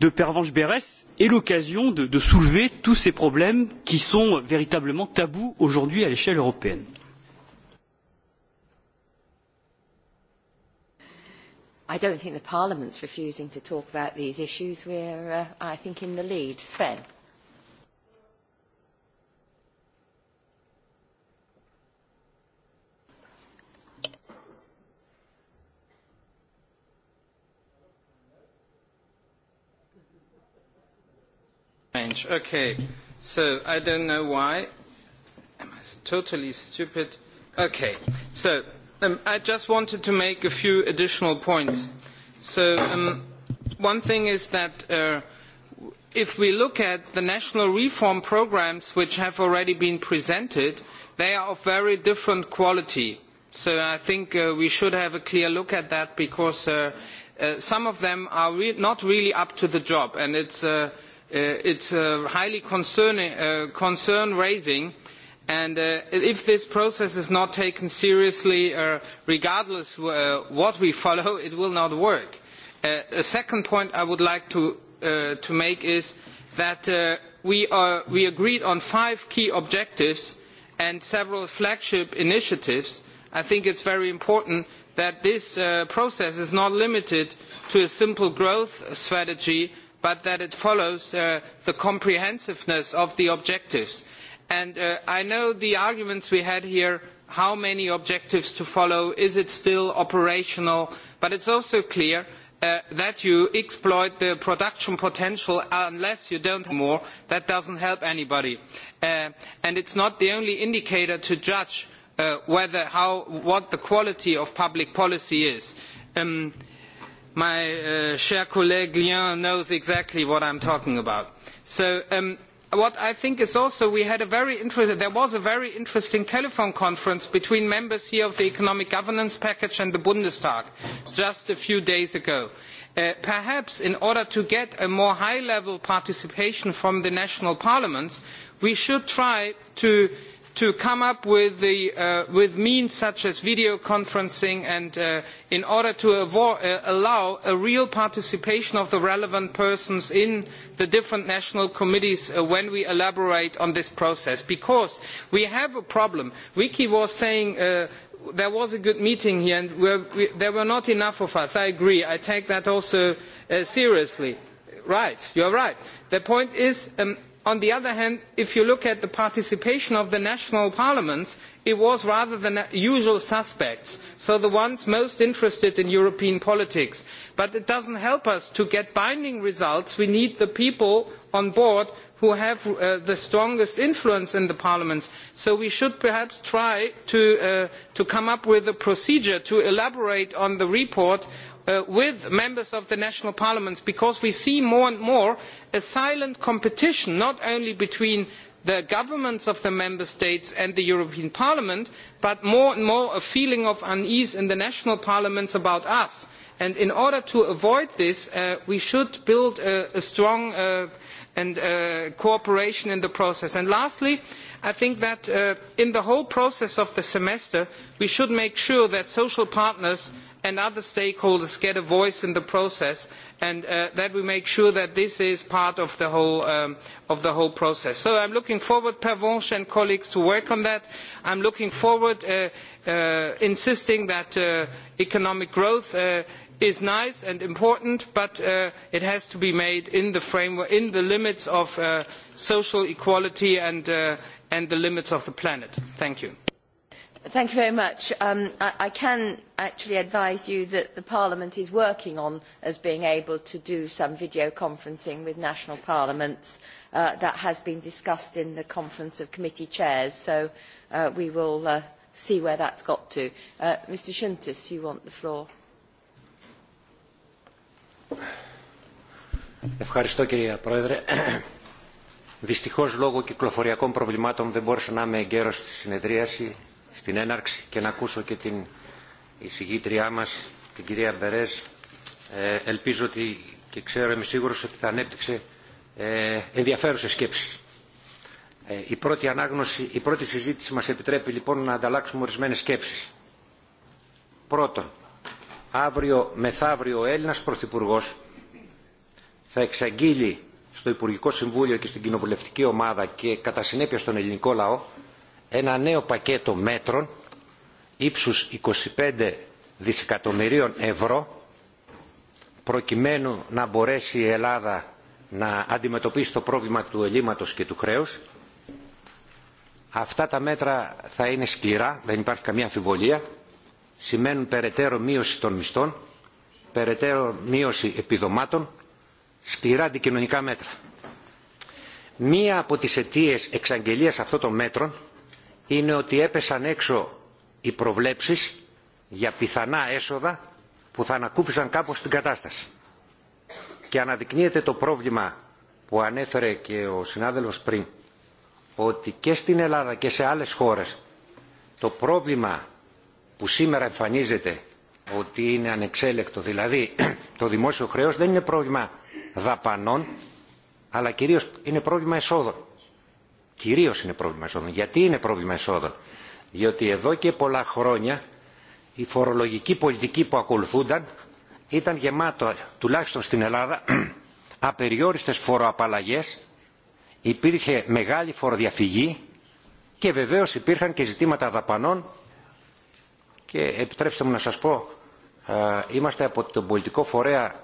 de Pervenche Berès est l'occasion de, de soulever tous ces problèmes qui sont véritablement tabous aujourd'hui à l'échelle européenne. I don't think the Parliament's refusing to talk about these issues. We're, uh, I think, in the lead. Sven. Okay, so I don't know why. Am I totally stupid? Okay, so Um, I just wanted to make a few additional points. So um, one thing is that uh, if we look at the national reform programmes which have already been presented, they are of very different quality. So I think uh, we should have a clear look at that because uh, uh, some of them are re not really up to the job and it's, uh, uh, it's uh, highly concern, uh, concern raising And uh, if this process is not taken seriously, uh, regardless of uh, what we follow, it will not work. Uh, a second point I would like to, uh, to make is that uh, we, are, we, agreed on five key objectives and several flagship initiatives. I think it is very important that this process is not limited to a simple growth strategy, but that it follows the comprehensiveness of the objectives And uh, I know the arguments we had here, how many objectives to follow, is it still operational, but it is also clear uh, that you exploit the production potential unless you don't have more. That does not help anybody. Uh, and it is not the only indicator to judge uh, whether how, what the quality of public policy is. Um, my uh, cher colleague Lyon knows exactly what I am talking about. So um, what I think is also we had a very interesting there was a very interesting telephone conference between members here of the economic governance package and the Bundestag just a few days ago. Uh, perhaps in order to get a more high level participation from the national parliaments we should try to uh, to come up with, the, uh, with means such as video conferencing and uh, in order to uh, allow a real participation of the relevant persons in the different national committees uh, when we elaborate on this process because we have a problem. Vicky was saying uh, there was a good meeting here and we're, we, there were not enough of us. I agree. I take that also uh, seriously. Right, are right. The point is um, on the other hand, if you look at the participation of the national parliaments, it was rather the usual suspects, so the ones most interested in European politics. But it does not help us to get binding results. We need the people on board who have uh, the strongest influence in the parliaments. So we should perhaps try to, uh, to come up with a procedure to elaborate on the report Uh, with members of the national parliaments because we see more and more a silent competition not only between the governments of the member states and the European Parliament, but more and more a feeling of unease in the national parliaments about us. in order to avoid this, uh, we should build a, strong uh, cooperation in the process. lastly, I think that in the whole process of the semester, we should make sure that social partners and other stakeholders get a voice in the process and uh, that we make sure that this is part of the whole, um, of the whole process. So I am looking forward, Pervenche and colleagues, to work on that. I am looking forward, uh, uh, insisting that uh, economic growth uh, is nice and important, but uh, it has to be made in the framework, in the limits of social equality and, and the limits of the planet. Thank you. Thank you very much. Um, I, I can actually advise you that the Parliament is working on as being able to do some video conferencing with national parliaments. Uh, that has been discussed in the Conference of Committee Chairs, so uh, we will uh, see where that's got to. Uh, Mr. Shuntis, you want the floor. Ευχαριστώ κυρία Πρόεδρε. Δυστυχώς λόγω κυκλοφοριακών προβλημάτων δεν μπόρεσα να είμαι εγκαίρος στη συνεδρίαση στην έναρξη και να ακούσω και την εισηγήτριά μας, την κυρία Μπερές. Ε, ελπίζω ότι και ξέρω, είμαι σίγουρος ότι θα ανέπτυξε ε, ενδιαφέρουσες σκέψεις. Ε, η πρώτη ανάγνωση, η πρώτη συζήτηση μας επιτρέπει λοιπόν να ανταλλάξουμε ορισμένες σκέψεις. Πρώτον, αύριο μεθαύριο ο Έλληνας Πρωθυπουργός θα εξαγγείλει στο Υπουργικό Συμβούλιο και στην Κοινοβουλευτική Ομάδα και κατά συνέπεια στον ελληνικό λαό ένα νέο πακέτο μέτρων ύψους 25 δισεκατομμυρίων ευρώ προκειμένου να μπορέσει η Ελλάδα να αντιμετωπίσει το πρόβλημα του ελλείμματος και του χρέους. Αυτά τα μέτρα θα είναι σκληρά, δεν υπάρχει καμία αμφιβολία. Σημαίνουν περαιτέρω μείωση των μισθών, περαιτέρω μείωση επιδομάτων, σκληρά αντικοινωνικά μέτρα. Μία από τις αιτίες εξαγγελίας αυτών των μέτρων είναι ότι έπεσαν έξω οι προβλέψεις για πιθανά έσοδα που θα ανακούφισαν κάπως την κατάσταση. Και αναδεικνύεται το πρόβλημα που ανέφερε και ο συνάδελφος πριν, ότι και στην Ελλάδα και σε άλλες χώρες το πρόβλημα που σήμερα εμφανίζεται ότι είναι ανεξέλεκτο, δηλαδή το δημόσιο χρέος δεν είναι πρόβλημα δαπανών, αλλά κυρίως είναι πρόβλημα εσόδων. Κυρίως είναι πρόβλημα εσόδων. Γιατί είναι πρόβλημα εσόδων. Διότι εδώ και πολλά χρόνια η φορολογική πολιτική που ακολουθούνταν ήταν γεμάτο, τουλάχιστον στην Ελλάδα, απεριόριστες φοροαπαλλαγές, υπήρχε μεγάλη φοροδιαφυγή και βεβαίως υπήρχαν και ζητήματα δαπανών και επιτρέψτε μου να σας πω, είμαστε από τον πολιτικό φορέα,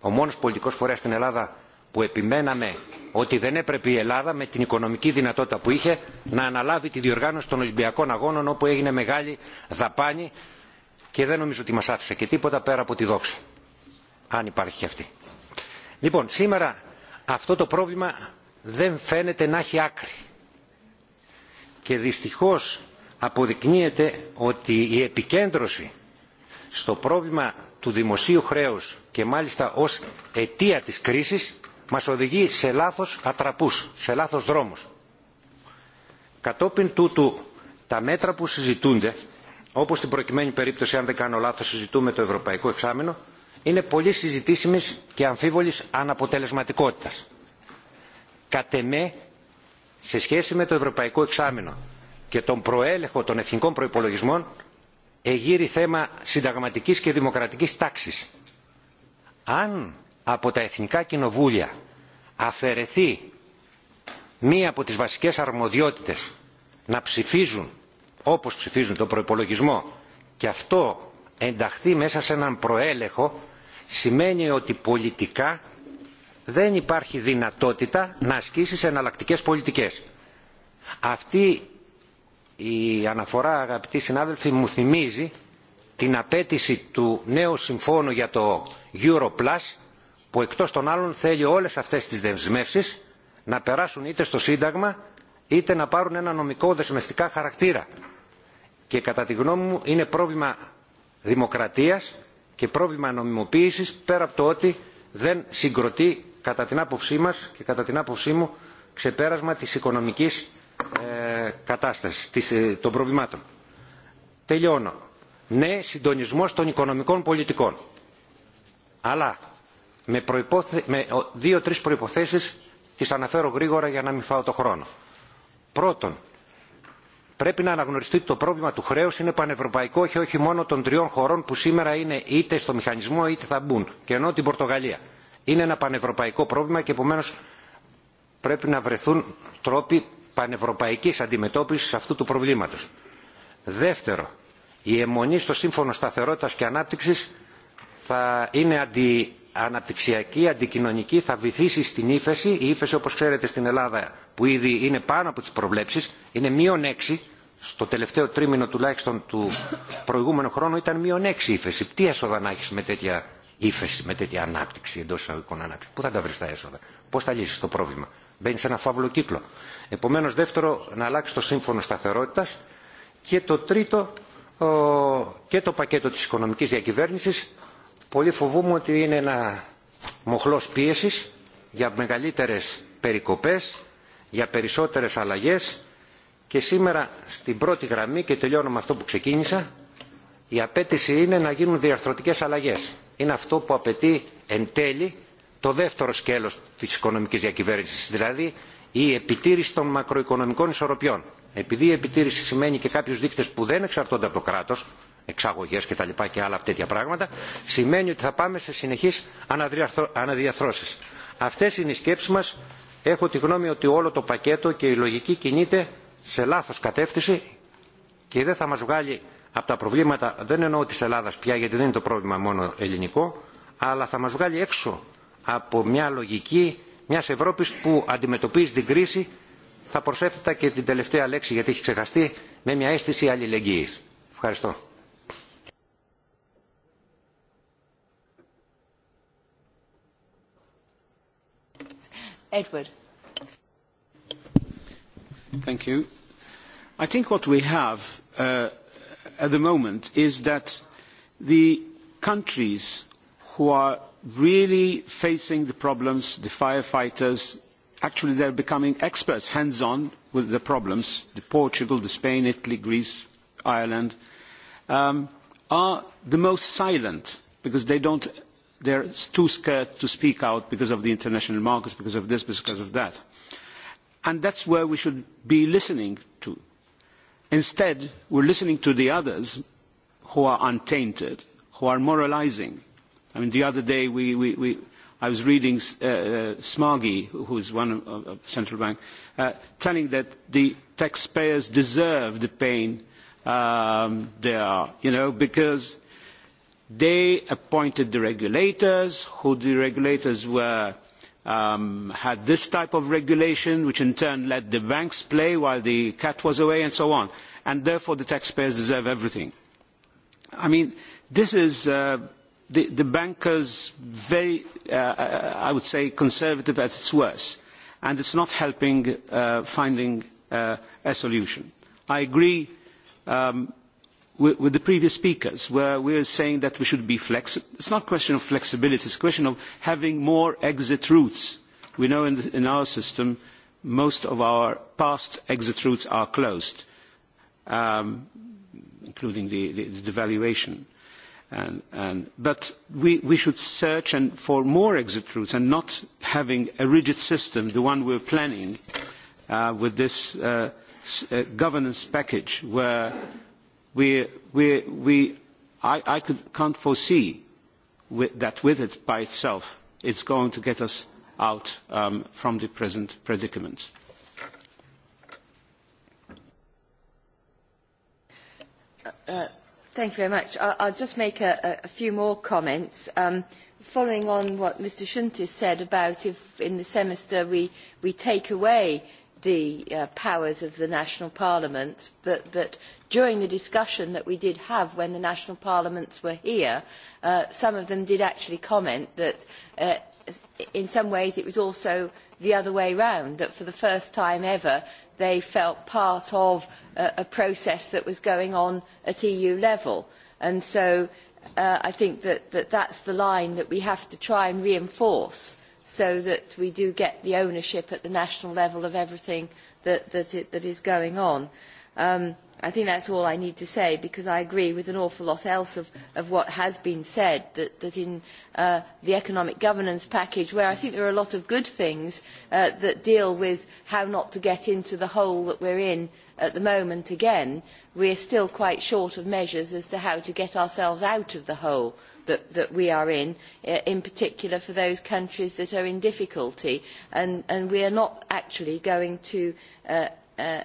ο μόνος πολιτικός φορέας στην Ελλάδα που επιμέναμε ότι δεν έπρεπε η Ελλάδα με την οικονομική δυνατότητα που είχε να αναλάβει τη διοργάνωση των Ολυμπιακών Αγώνων όπου έγινε μεγάλη δαπάνη και δεν νομίζω ότι μας άφησε και τίποτα πέρα από τη Δόξη Αν υπάρχει και αυτή. Λοιπόν, σήμερα αυτό το πρόβλημα δεν φαίνεται να έχει άκρη. Και δυστυχώς αποδεικνύεται ότι η επικέντρωση στο πρόβλημα του δημοσίου χρέους και μάλιστα ως αιτία της κρίσης μας οδηγεί σε λάθος ατραπούς, σε λάθος δρόμους. Κατόπιν τούτου τα μέτρα που συζητούνται, όπως στην προκειμένη περίπτωση αν δεν κάνω λάθος συζητούμε το Ευρωπαϊκό Εξάμεινο, είναι πολύ συζητήσιμης και αμφίβολης αναποτελεσματικότητας. Κατ' εμέ, σε σχέση με το Ευρωπαϊκό Εξάμεινο και τον προέλεγχο των εθνικών προϋπολογισμών, εγείρει θέμα συνταγματικής και δημοκρατικής τάξης. Αν από τα εθνικά κοινοβούλια αφαιρεθεί μία από τις βασικές αρμοδιότητες να ψηφίζουν όπως ψηφίζουν τον προϋπολογισμό και αυτό ενταχθεί μέσα σε έναν προέλεγχο σημαίνει ότι πολιτικά δεν υπάρχει δυνατότητα να ασκήσεις εναλλακτικές πολιτικές. Αυτή η αναφορά αγαπητοί συνάδελφοι μου θυμίζει την απέτηση του νέου συμφώνου για το Europlus που εκτός των άλλων θέλει όλες αυτές τις δεσμεύσεις να περάσουν είτε στο Σύνταγμα είτε να πάρουν ένα νομικό δεσμευτικά χαρακτήρα. Και κατά τη γνώμη μου είναι πρόβλημα δημοκρατίας και πρόβλημα νομιμοποίησης πέρα από το ότι δεν συγκροτεί κατά την άποψή μας και κατά την άποψή μου ξεπέρασμα της οικονομικής ε, κατάστασης, της, ε, των προβλημάτων. Τελειώνω. Ναι, συντονισμός των οικονομικών πολιτικών. Αλλά με, προϋποθε... με δύο-τρεις προϋποθέσεις τις αναφέρω γρήγορα για να μην φάω το χρόνο. Πρώτον, πρέπει να αναγνωριστεί ότι το πρόβλημα του χρέους είναι πανευρωπαϊκό και όχι μόνο των τριών χωρών που σήμερα είναι είτε στο μηχανισμό είτε θα μπουν, και ενώ την Πορτογαλία. Είναι ένα πανευρωπαϊκό πρόβλημα και επομένω πρέπει να βρεθούν τρόποι πανευρωπαϊκής αντιμετώπισης αυτού του προβλήματος. Δεύτερο, η αιμονή στο Σύμφωνο Σταθερότητας και Ανάπτυξης θα είναι αντι, αναπτυξιακή, αντικοινωνική θα βυθίσει στην ύφεση. Η ύφεση όπω ξέρετε στην Ελλάδα που ήδη είναι πάνω από τι προβλέψει, είναι μείον 6 στο τελευταίο τρίμηνο τουλάχιστον του προηγούμενου χρόνου ήταν μείον 6 ύφεση. Τι έσοδα να έχει με τέτοια ύφεση, με τέτοια ανάπτυξη εντό εισαγωγικών ανάπτυξη. Πού θα τα βρει τα έσοδα, πώ θα λύσει το πρόβλημα. Μπαίνει σε ένα φαύλο κύκλο. Επομένω, δεύτερο, να αλλάξει το σύμφωνο σταθερότητα. Και το τρίτο, ο, και το πακέτο της οικονομικής διακυβέρνησης Πολύ φοβούμαι ότι είναι ένα μοχλός πίεσης για μεγαλύτερες περικοπές, για περισσότερες αλλαγές και σήμερα στην πρώτη γραμμή και τελειώνω με αυτό που ξεκίνησα η απέτηση είναι να γίνουν διαρθρωτικές αλλαγές. Είναι αυτό που απαιτεί εν τέλει το δεύτερο σκέλος της οικονομικής διακυβέρνησης, δηλαδή η επιτήρηση των μακροοικονομικών ισορροπιών. Επειδή η επιτήρηση σημαίνει και κάποιους δείκτες που δεν εξαρτώνται από το κράτος, εξαγωγές και τα λοιπά και άλλα τέτοια πράγματα, σημαίνει ότι θα πάμε σε συνεχείς αναδιαθρώσεις. Αυτές είναι οι σκέψεις μας. Έχω τη γνώμη ότι όλο το πακέτο και η λογική κινείται σε λάθος κατεύθυνση και δεν θα μας βγάλει από τα προβλήματα, δεν εννοώ της Ελλάδας πια γιατί δεν είναι το πρόβλημα μόνο ελληνικό, αλλά θα μας βγάλει έξω από μια λογική μιας Ευρώπης που αντιμετωπίζει την κρίση θα προσέφτα και την τελευταία λέξη γιατί έχει ξεχαστεί με μια αίσθηση αλληλεγγύης. Ευχαριστώ. Edward. Thank you. I think what we have uh, at the moment is that the countries who are really facing the problems, the firefighters, actually they are becoming experts hands-on with the problems, the Portugal, the Spain, Italy, Greece, Ireland, um, are the most silent because they don't they're too scared to speak out because of the international markets, because of this, because of that. And that's where we should be listening to. Instead, we're listening to the others who are untainted, who are moralizing. I mean, the other day we, we, we, I was reading uh, uh Smagi, who is one of, of central bank, uh, telling that the taxpayers deserve the pain um, they are, you know, because They appointed the regulators, who the regulators were um, had this type of regulation, which in turn let the banks play while the cat was away and so on. And therefore the taxpayers deserve everything. I mean, this is uh, the, the bankers very, uh, uh I would say, conservative at its worst. And it's not helping uh, finding uh, a solution. I agree um, with, with the previous speakers, where we are saying that we should be flexible. It's not a question of flexibility, it's a question of having more exit routes. We know in, the, in our system most of our past exit routes are closed, um, including the, the, the devaluation. And, and, but we, we should search and for more exit routes and not having a rigid system, the one we are planning uh, with this uh, uh, governance package, where we, we, we, I, I could, can't foresee with, that with it by itself it's going to get us out um, from the present predicament. Uh, uh, thank you very much. I'll, I'll just make a, a few more comments. Um, following on what Mr. Shuntis said about if in the semester we, we take away the uh, powers of the national parliament, but, but during the discussion that we did have when the national parliaments were here, uh, some of them did actually comment that uh, in some ways it was also the other way round, that for the first time ever they felt part of a, a process that was going on at EU level. And so uh, I think that, that that's the line that we have to try and reinforce so that we do get the ownership at the national level of everything that, that, it, that is going on. Um, I think that's all I need to say because I agree with an awful lot else of, of what has been said, that, that in uh, the economic governance package, where I think there are a lot of good things uh, that deal with how not to get into the hole that we're in at the moment again, we are still quite short of measures as to how to get ourselves out of the hole that, that we are in, uh, in particular for those countries that are in difficulty. And, and we are not actually going to uh, uh,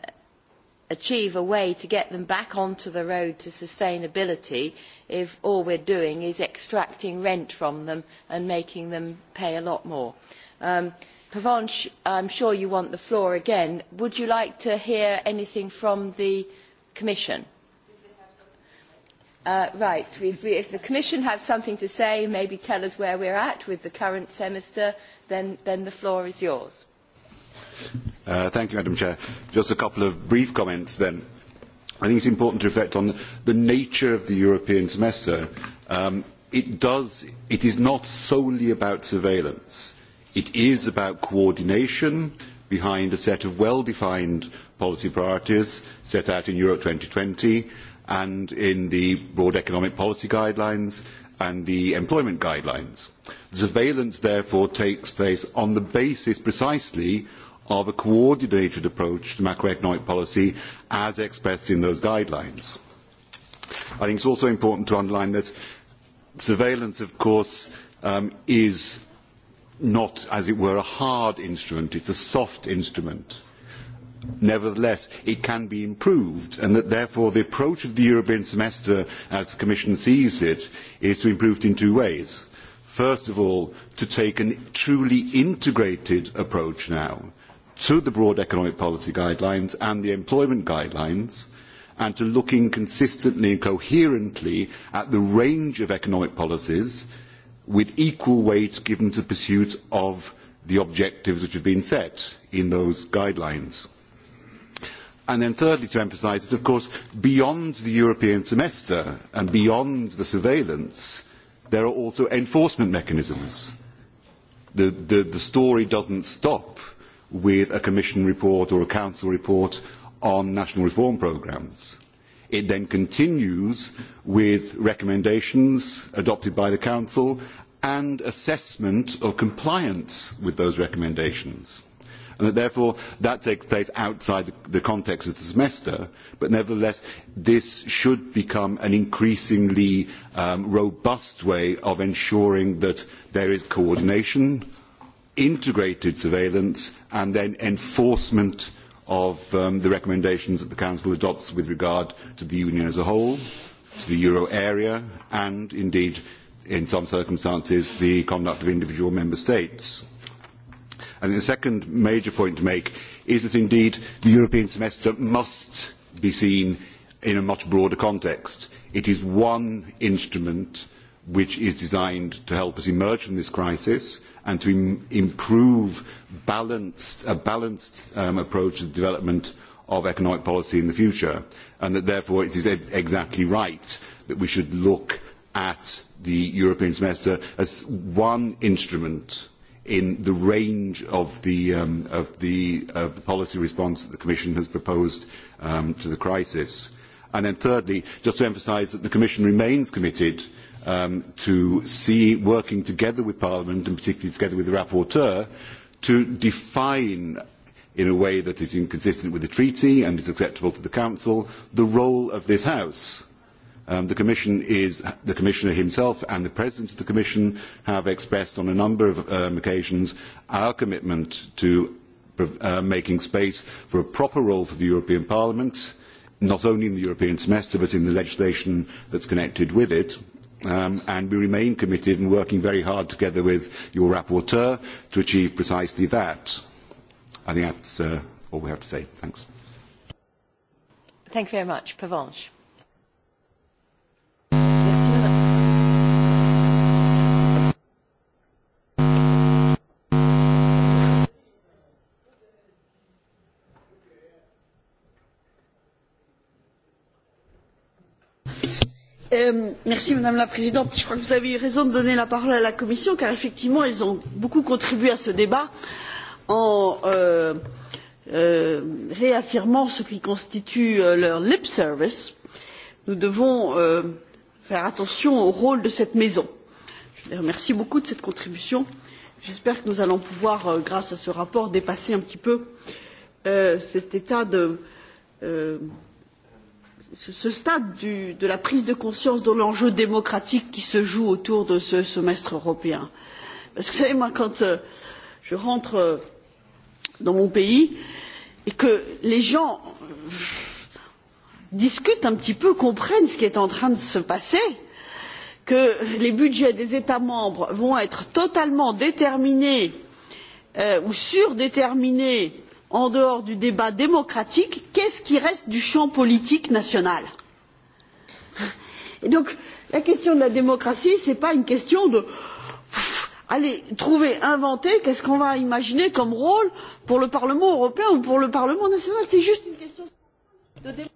achieve a way to get them back onto the road to sustainability if all we're doing is extracting rent from them and making them pay a lot more. Um, Pavanch, I'm sure you want the floor again. Would you like to hear anything from the Commission? Uh, right, if, if the Commission has something to say, maybe tell us where we're at with the current semester, then, then the floor is yours. Uh, thank you, Madam Chair. Just a couple of brief comments then. I think it's important to reflect on the nature of the European semester. Um, it, does, it is not solely about surveillance. It is about coordination behind a set of well-defined policy priorities set out in Europe twenty and in the broad economic policy guidelines and the employment guidelines. Surveillance, therefore, takes place on the basis precisely of a coordinated approach to macroeconomic policy as expressed in those guidelines. I think it is also important to underline that surveillance, of course, um, is not, as it were, a hard instrument, it is a soft instrument. Nevertheless, it can be improved, and that therefore the approach of the European semester, as the Commission sees it, is to improve it in two ways. First of all, to take a truly integrated approach now, to the broad economic policy guidelines and the employment guidelines and to looking consistently and coherently at the range of economic policies with equal weight given to the pursuit of the objectives which have been set in those guidelines. And then thirdly, to emphasise that, of course, beyond the European semester and beyond the surveillance, there are also enforcement mechanisms. The, the, the story does not stop with a Commission report or a Council report on national reform programmes. It then continues with recommendations adopted by the Council and assessment of compliance with those recommendations. And that therefore that takes place outside the context of the semester, but nevertheless this should become an increasingly um, robust way of ensuring that there is coordination integrated surveillance and then enforcement of um, the recommendations that the Council adopts with regard to the Union as a whole, to the euro area, and indeed, in some circumstances, the conduct of individual member states. And the second major point to make is that indeed the European semester must be seen in a much broader context. It is one instrument which is designed to help us emerge from this crisis, and to Im improve balanced, a balanced um, approach to the development of economic policy in the future, and that therefore it is e exactly right that we should look at the European semester as one instrument in the range of the, um, of the, of the policy response that the Commission has proposed um, to the crisis. And then thirdly, just to emphasise that the Commission remains committed um, to see working together with Parliament and particularly together with the rapporteur to define in a way that is inconsistent with the treaty and is acceptable to the Council the role of this House. Um, the, Commission is, the Commissioner himself and the President of the Commission have expressed on a number of um, occasions our commitment to uh, making space for a proper role for the European Parliament, not only in the European semester but in the legislation that is connected with it. Um, and we remain committed and working very hard together with your rapporteur to achieve precisely that. I think that's uh, all we have to say. Thanks. Thank you very much. Euh, merci Madame la Présidente. Je crois que vous avez eu raison de donner la parole à la Commission car effectivement, ils ont beaucoup contribué à ce débat en euh, euh, réaffirmant ce qui constitue euh, leur lip service. Nous devons euh, faire attention au rôle de cette maison. Je les remercie beaucoup de cette contribution. J'espère que nous allons pouvoir, grâce à ce rapport, dépasser un petit peu cet état de ce stade du, de la prise de conscience de l'enjeu démocratique qui se joue autour de ce semestre européen. Parce que vous savez, moi, quand euh, je rentre euh, dans mon pays et que les gens euh, discutent un petit peu, comprennent ce qui est en train de se passer, que les budgets des États membres vont être totalement déterminés euh, ou surdéterminés en dehors du débat démocratique, qu'est-ce qui reste du champ politique national Et donc, la question de la démocratie, ce n'est pas une question de pff, aller trouver, inventer, qu'est-ce qu'on va imaginer comme rôle pour le Parlement européen ou pour le Parlement national. C'est juste une question de démocratie.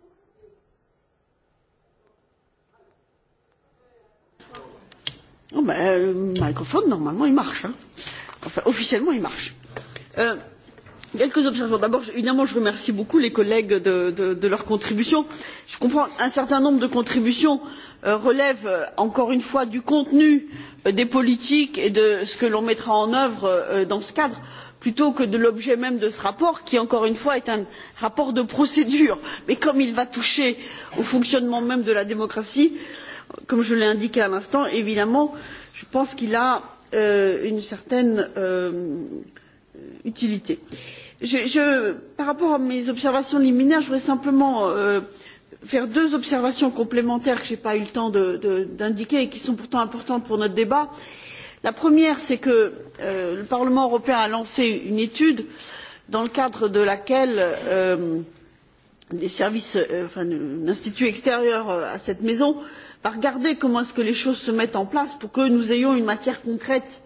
Oh euh, ben, le microphone, normalement, il marche. Hein. Enfin, officiellement, il marche. Euh, Quelques observations. D'abord, évidemment, je remercie beaucoup les collègues de, de, de leurs contributions. Je comprends un certain nombre de contributions euh, relèvent euh, encore une fois du contenu euh, des politiques et de ce que l'on mettra en œuvre euh, dans ce cadre plutôt que de l'objet même de ce rapport qui encore une fois est un rapport de procédure mais comme il va toucher au fonctionnement même de la démocratie comme je l'ai indiqué à l'instant évidemment je pense qu'il a euh, une certaine euh, utilité. Euh, Je, je, par rapport à mes observations liminaires, je voudrais simplement euh, faire deux observations complémentaires que je n'ai pas eu le temps d'indiquer et qui sont pourtant importantes pour notre débat. La première, c'est que euh, le Parlement européen a lancé une étude dans le cadre de laquelle euh, des services, euh, enfin, un institut extérieur euh, à cette maison va regarder comment est-ce que les choses se mettent en place pour que nous ayons une matière concrète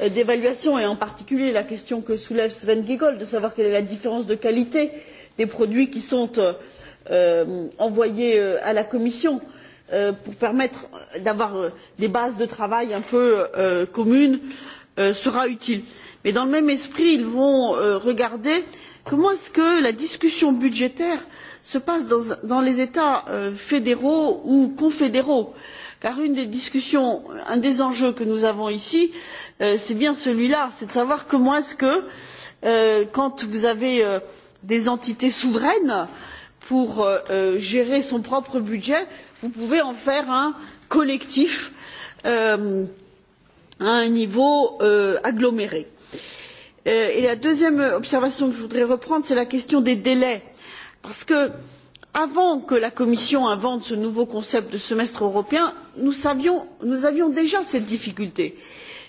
Euh, d'évaluation et en particulier la question que soulève Sven Giegold de savoir quelle est la différence de qualité des produits qui sont euh, euh envoyés euh, à la Commission euh, pour permettre d'avoir des bases de travail un peu euh, communes sera utile. Mais dans le même esprit, ils vont regarder comment est-ce que la discussion budgétaire se passe dans, dans les États fédéraux ou confédéraux. Euh, car une des discussions, un des enjeux que nous avons ici, euh, c'est bien celui-là, c'est de savoir comment est-ce que, euh, quand vous avez euh, des entités souveraines pour euh, euh, gérer son propre budget, vous pouvez en faire un collectif euh, à un niveau euh, aggloméré. Euh, et la deuxième observation que je voudrais reprendre, c'est la question des délais. Parce que euh, avant que la Commission invente ce nouveau concept de semestre européen, nous, savions, nous avions déjà cette difficulté,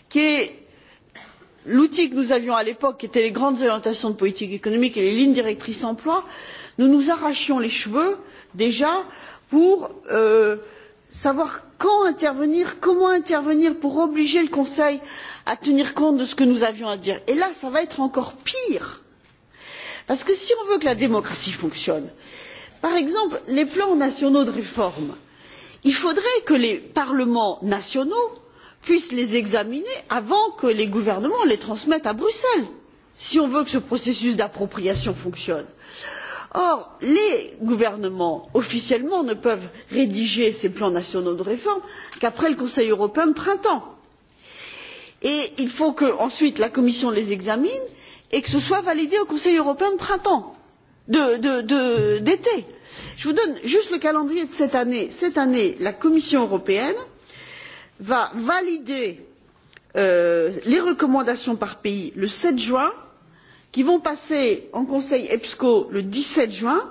qui est l'outil que nous avions à l'époque, qui était les grandes orientations de politique économique et les lignes directrices emploi, nous nous arrachions les cheveux déjà pour euh, savoir quand intervenir, comment intervenir pour obliger le Conseil à tenir compte de ce que nous avions à dire. Et là, ça va être encore pire. Parce que si on veut que la démocratie fonctionne, Par exemple, les plans nationaux de réforme. Il faudrait que les parlements nationaux puissent les examiner avant que les gouvernements les transmettent à Bruxelles, si on veut que ce processus d'appropriation fonctionne. Or, les gouvernements officiellement ne peuvent rédiger ces plans nationaux de réforme qu'après le Conseil européen de printemps. Et il faut que la Commission les examine et que ce soit validé au Conseil européen de printemps de, De, de, de, Je vous donne juste le calendrier de cette année. Cette année, la Commission européenne va valider euh, les recommandations par pays le sept juin, qui vont passer en Conseil EPSCO le dix sept juin,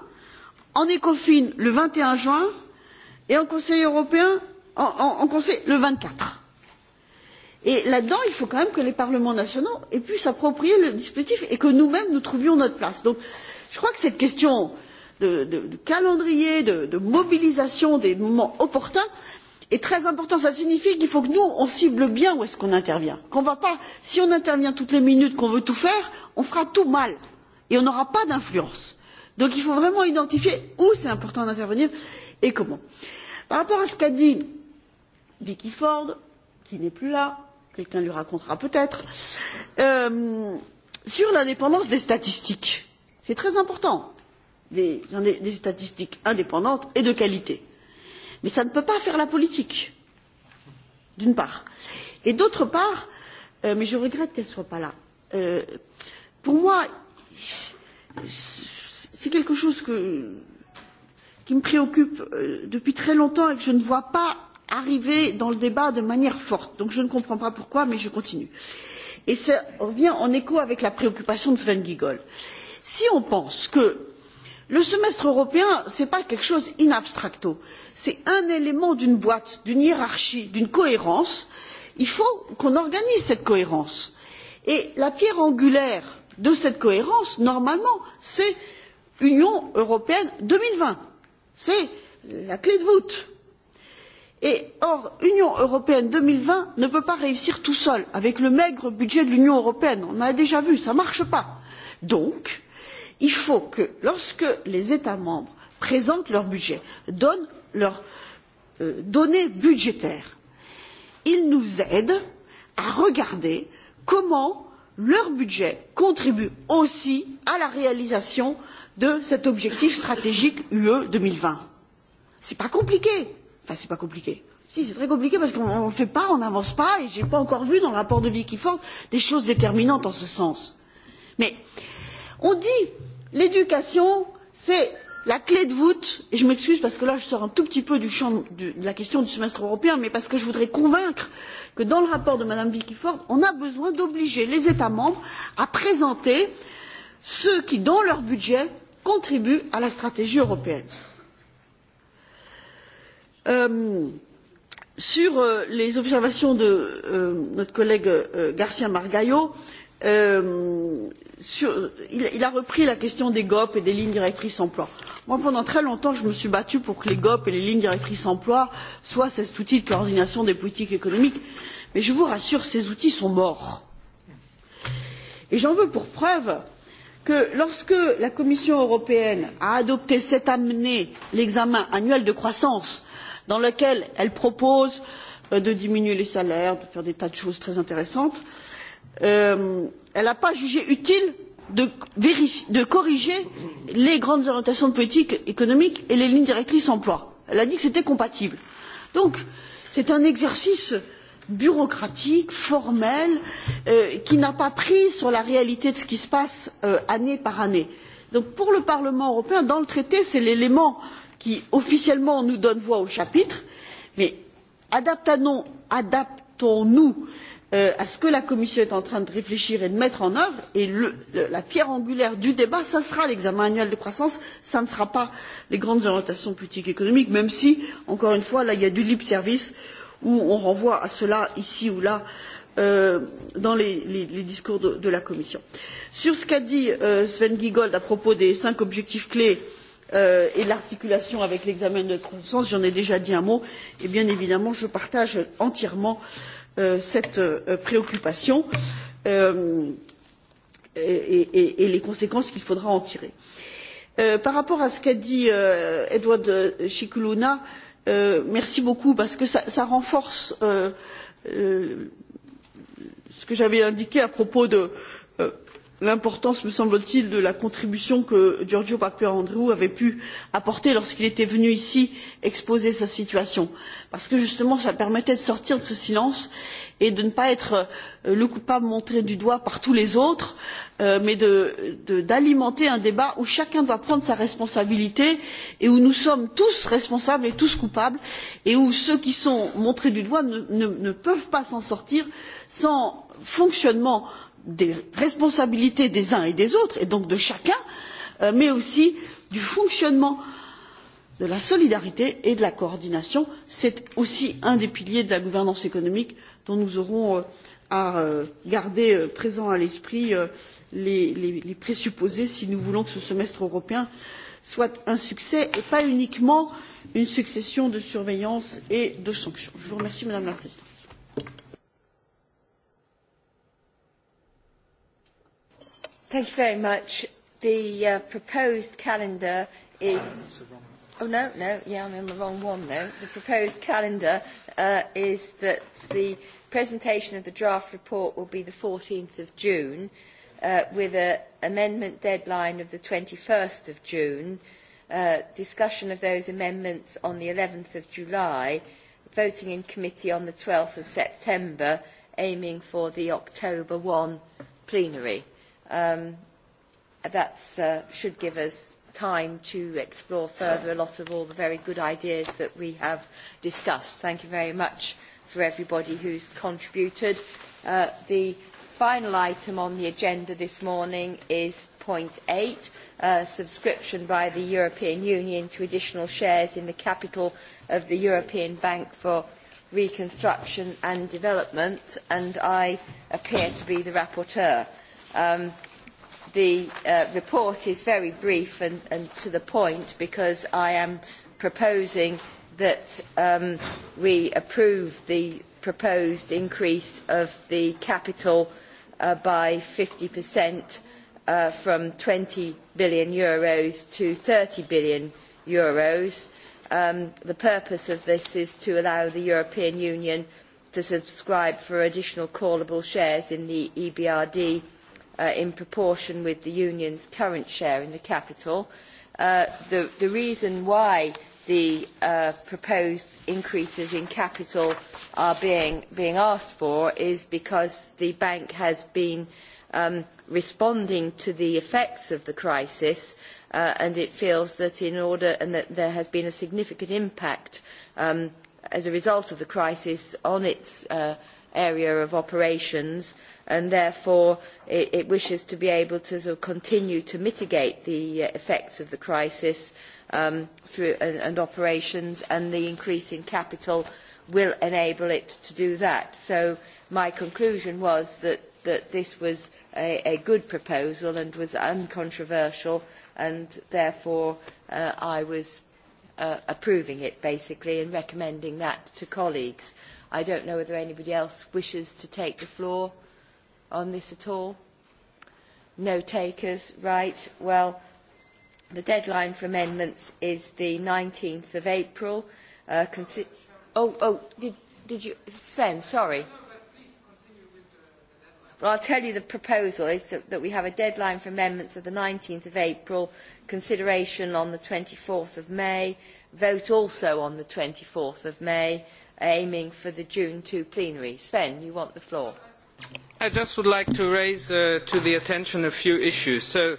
en ECOFIN le vingt et un juin et en Conseil européen en, en, en Conseil le vingt quatre Et là-dedans, il faut quand même que les parlements nationaux aient pu s'approprier le dispositif et que nous-mêmes nous trouvions notre place. Donc, je crois que cette question de, de, de calendrier, de, de mobilisation des moments opportuns est très importante. Cela signifie qu'il faut que nous, on cible bien où est-ce qu'on intervient. Qu'on va pas, si on intervient toutes les minutes qu'on veut tout faire, on fera tout mal et on n'aura pas d'influence. Donc, il faut vraiment identifier où c'est important d'intervenir et comment. Par rapport à ce qu'a dit Vicky Ford, qui n'est plus là, Quelqu'un lui racontera peut-être. Euh, sur l'indépendance des statistiques. C'est très important, des, des statistiques indépendantes et de qualité. Mais ça ne peut pas faire la politique, d'une part. Et d'autre part, euh, mais je regrette qu'elle ne soit pas là, euh, pour moi, c'est quelque chose que, qui me préoccupe euh, depuis très longtemps et que je ne vois pas arriver dans le débat de manière forte. Donc je ne comprends pas pourquoi, mais je continue. Et ça revient en écho avec la préoccupation de Sven Giegold. Si on pense que le semestre européen, ce n'est pas quelque chose in abstracto, c'est un élément d'une boîte, d'une hiérarchie, d'une cohérence, il faut qu'on organise cette cohérence. Et la pierre angulaire de cette cohérence, normalement, c'est Union européenne deux mille vingt. C'est la clé de voûte Et or, Union européenne deux mille vingt ne peut pas réussir tout seul avec le maigre budget de l'Union européenne. On a déjà vu, ça ne marche pas. Donc, il faut que lorsque les États membres présentent leur budget, donnent leurs euh, données budgétaires, ils nous aident à regarder comment leur budget contribue aussi à la réalisation de cet objectif stratégique UE deux mille vingt. Ce n'est pas compliqué Enfin, c'est pas compliqué. Si, c'est très compliqué parce qu'on ne fait pas, on n'avance pas et je n'ai pas encore vu dans le rapport de Vicky Ford des choses déterminantes en ce sens. Mais on dit l'éducation, c'est la clé de voûte, et je m'excuse parce que là je sors un tout petit peu du champ de, la question du semestre européen, mais parce que je voudrais convaincre que dans le rapport de Mme Vicky Ford, on a besoin d'obliger les États membres à présenter ceux qui, dans leur budget, contribuent à la stratégie européenne. Euh, sur euh, les observations de euh, notre collègue euh, Garcia Margallo, euh, sur, il, il a repris la question des GOP et des lignes directrices emploi. Moi, pendant très longtemps, je me suis battue pour que les GOP et les lignes directrices emploi soient cet outil de coordination des politiques économiques. Mais je vous rassure, ces outils sont morts. Et j'en veux pour preuve que lorsque la Commission européenne a adopté cette année l'examen annuel de croissance, dans lequel elle propose euh, de diminuer les salaires, de faire des tas de choses très intéressantes, euh, elle n'a pas jugé utile de, de corriger les grandes orientations de politique économique et les lignes directrices emploi. Elle a dit que c'était compatible. Donc, c'est un exercice bureaucratique, formel, euh, qui n'a pas pris sur la réalité de ce qui se passe euh, année par année. Donc, pour le Parlement européen, dans le traité, c'est l'élément euh, qui officiellement nous donne voix au chapitre, mais adaptons nous euh, à ce que la Commission est en train de réfléchir et de mettre en œuvre et le, le, la pierre angulaire du débat, ce sera l'examen annuel de croissance, ce ne sera pas les grandes orientations politiques économiques, même si, encore une fois, là il y a du libre service où on renvoie à cela ici ou là euh, dans les, les, les discours de, de, la Commission. Sur ce qu'a dit euh, Sven Giegold à propos des cinq objectifs clés euh, et l'articulation avec l'examen de conscience, j'en ai déjà dit un mot, et bien évidemment, je partage entièrement euh, cette euh, préoccupation euh, et, et, et les conséquences qu'il faudra en tirer. Euh, par rapport à ce qu'a dit euh, Edward Chikuluna, euh, merci beaucoup parce que ça, ça renforce euh, euh, ce que j'avais indiqué à propos de euh, l'importance, me semble-t-il, de la contribution que Giorgio Papaandreou avait pu apporter lorsqu'il était venu ici exposer sa situation. Parce que justement, cela permettait de sortir de ce silence et de ne pas être euh, le coupable montré du doigt par tous les autres, euh, mais d'alimenter un débat où chacun doit prendre sa responsabilité et où nous sommes tous responsables et tous coupables et où ceux qui sont montrés du doigt ne, ne, ne peuvent pas s'en sortir sans fonctionnement des responsabilités des uns et des autres, et donc de chacun, euh, mais aussi du fonctionnement de la solidarité et de la coordination. C'est aussi un des piliers de la gouvernance économique dont nous aurons euh, à euh, garder présent à l'esprit les, les, les présupposés si nous voulons que ce semestre européen soit un succès et pas uniquement une succession de surveillance et de sanctions. Je vous remercie, Madame la Présidente. Thank you very much. The uh, proposed calendar is... Ah, oh, no, no, yeah, I'm in the wrong one, though. The proposed calendar uh, is that the presentation of the draft report will be the 14th of June, uh, with an amendment deadline of the 21st of June, uh, discussion of those amendments on the 11th of July, voting in committee on the 12th of September, aiming for the October 1 plenary um, that uh, should give us time to explore further a lot of all the very good ideas that we have discussed. Thank you very much for everybody who's contributed. Uh, the final item on the agenda this morning is point eight, uh, subscription by the European Union to additional shares in the capital of the European Bank for Reconstruction and Development, and I appear to be the rapporteur. Um, the uh, report is very brief and, and to the point because I am proposing that um, we approve the proposed increase of the capital uh, by 50% uh, from 20 billion euros to 30 billion euros. Um, the purpose of this is to allow the European Union to subscribe for additional callable shares in the EBRD uh, in proportion with the union's current share in the capital. Uh, the, the reason why the uh, proposed increases in capital are being, being asked for is because the bank has been um, responding to the effects of the crisis uh, and it feels that in order and that there has been a significant impact um, as a result of the crisis on its uh, area of operations and therefore it, it wishes to be able to sort of continue to mitigate the uh, effects of the crisis um, through, and, and operations and the increase in capital will enable it to do that. So my conclusion was that, that this was a, a good proposal and was uncontroversial and therefore uh, I was uh, approving it basically and recommending that to colleagues. I don't know whether anybody else wishes to take the floor on this at all. No takers, right. Well, the deadline for amendments is the 19th of April. Uh, oh, oh, did, did you, Sven, sorry. Well, I'll tell you the proposal is that, that we have a deadline for amendments of the 19th of April, consideration on the 24th of May, vote also on the 24th of May, aiming for the June 2 plenary. Sven, you want the floor. I just would like to raise uh, to the attention a few issues. So,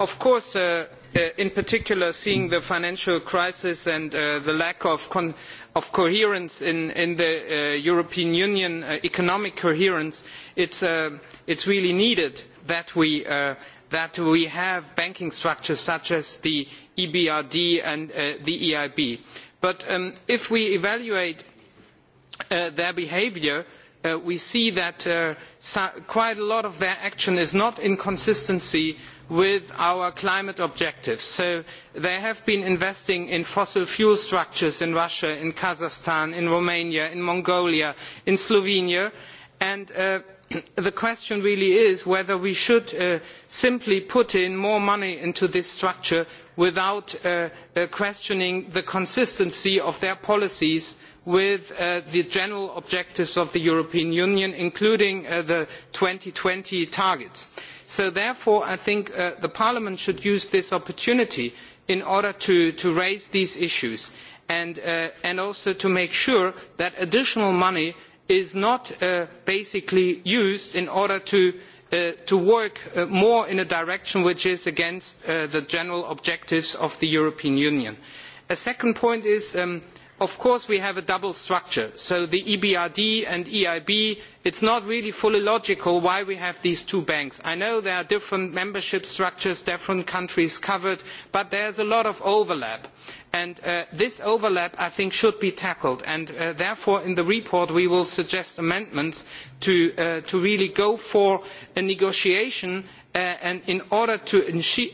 of course, uh, uh, in particular, seeing the financial crisis and uh, the lack of, con of coherence in, in the uh, European Union, uh, economic coherence, it's, uh, it's really needed that we, uh, that we have banking structures such as the EBRD and uh, the EIB. But um, if we evaluate Uh, their behaviour, uh, we see that uh, quite a lot of their action is not in consistency with our climate objectives. So they have been investing in fossil fuel structures in Russia, in Kazakhstan, in Romania, in Mongolia, in Slovenia, and uh, the question really is whether we should uh, simply put in more money into this structure without uh, uh questioning the consistency of their policies with uh, the general objectives of the European Union, including uh, the twenty targets. So therefore, I think uh, Parliament should use this opportunity in order to, to raise these issues and, uh, and, also to make sure that additional money is not uh, basically used in order to, uh, to work more in a direction which is against the general objectives of the European Union. A second point is um, of course we have a double structure. So the EBRD and EIB, it is not really fully logical why we have these two banks. I know there are different membership structures, different countries covered, but there is a lot of overlap. And uh, this overlap, I think, should be tackled. And uh, therefore, in the report, we will suggest amendments to, uh, to really go for a negotiation uh, and in order to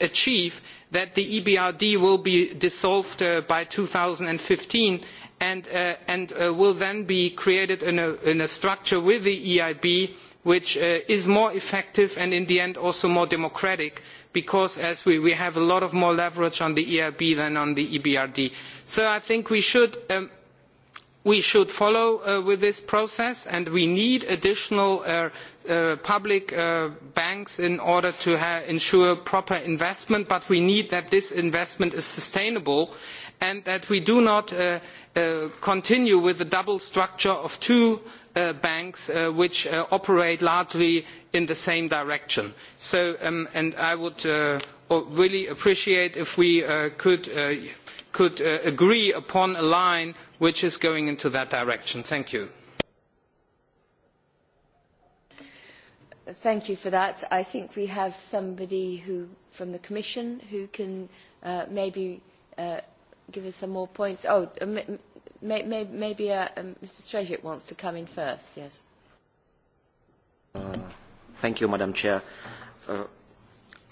achieve that the EBRD will be dissolved uh, by fifteen and, uh, and uh, will then be created in a, in a, structure with the EIB which uh, is more effective and in the end also more democratic because as we, we have a lot of more leverage on the EIB than on the EBRD. So I think we should, um, we should follow uh, with this process and we need additional uh, Uh, public uh, banks in order to ensure proper investment, but we need that this investment is sustainable and that we do not uh, uh, continue with the double structure of two Uh, banks uh, which uh, operate largely in the same direction. So, um, I would really appreciate if we could, could agree upon a line which is going in that direction. Thank you. thank you for that. I think we have somebody who, from the Commission who can uh, maybe uh, give us some more points. Oh, uh, may, may, maybe uh, um, Mr. Strejic wants to come in first, yes. Uh, thank you, Madam Chair. Uh,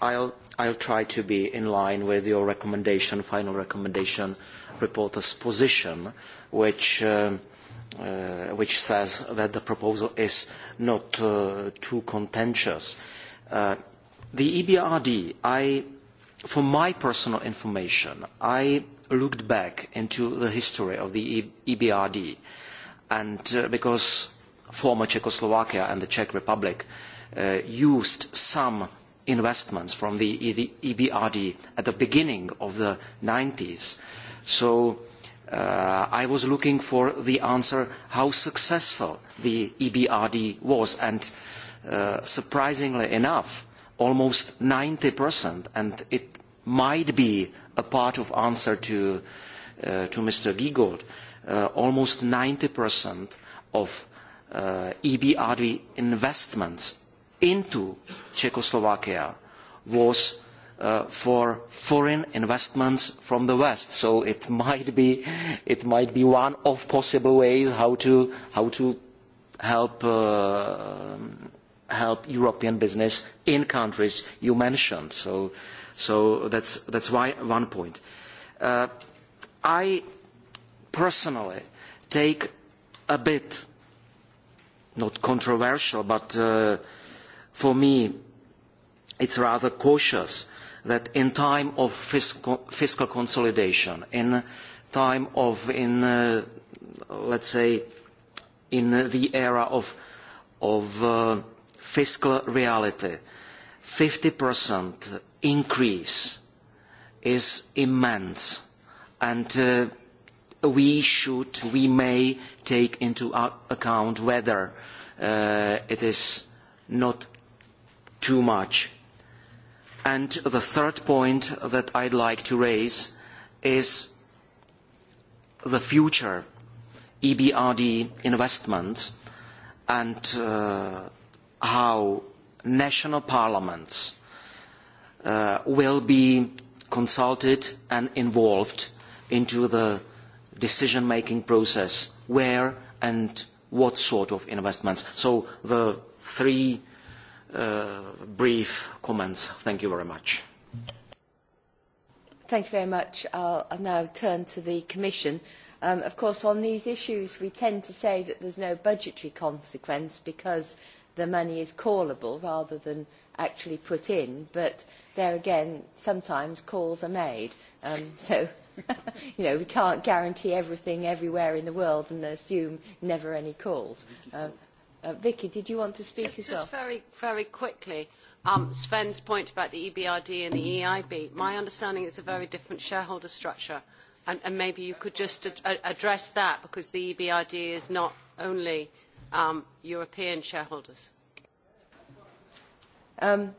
I'll, I'll try to be in line with your recommendation, final recommendation, reporter's position, which... Uh, uh, which says that the proposal is not uh, too contentious. Uh, the EBRD, I, for my personal information, I looked back into the history of the EBRD, and uh, because former Czechoslovakia and the Czech Republic uh, used some investments from the EBRD at the beginning of the 90s, so uh, uh, I was looking for the answer how successful the EBRD was and uh, surprisingly enough almost 90% and it might be a part of answer to, uh, to Mr. Giegold, uh, almost 90% of uh, EBRD investments into Czechoslovakia was uh, for foreign investments from the West. So it might be, it might be one of possible ways how to, how to help, uh, help European business in countries you mentioned. So, so that's, that's why one point. Uh, I personally take a bit, not controversial, but uh, for me it's rather cautious that in time of fiscal, fiscal consolidation, in time of, in, uh, let's say, in the era of, of uh, fiscal reality, 50% increase is immense. And uh, we should, we may take into account whether uh, it is not too much And the third point that I would like to raise is the future EBRD investments and uh, how national parliaments uh, will be consulted and involved into the decision-making process where and what sort of investments. So the three uh, brief comments. Thank you very much. Thank you very much. I'll, I'll now turn to the Commission. Um, of course, on these issues, we tend to say that there's no budgetary consequence because the money is callable rather than actually put in. But there again, sometimes calls are made. Um, so, you know, we can't guarantee everything everywhere in the world and assume never any calls. Uh, Uh, Vicky, did you want to speak just, as just well? Just very, very quickly, um, Sven's point about the EBRD and the EIB. My understanding is a very different shareholder structure, and, and maybe you could just ad address that because the EBRD is not only um, European shareholders. Um,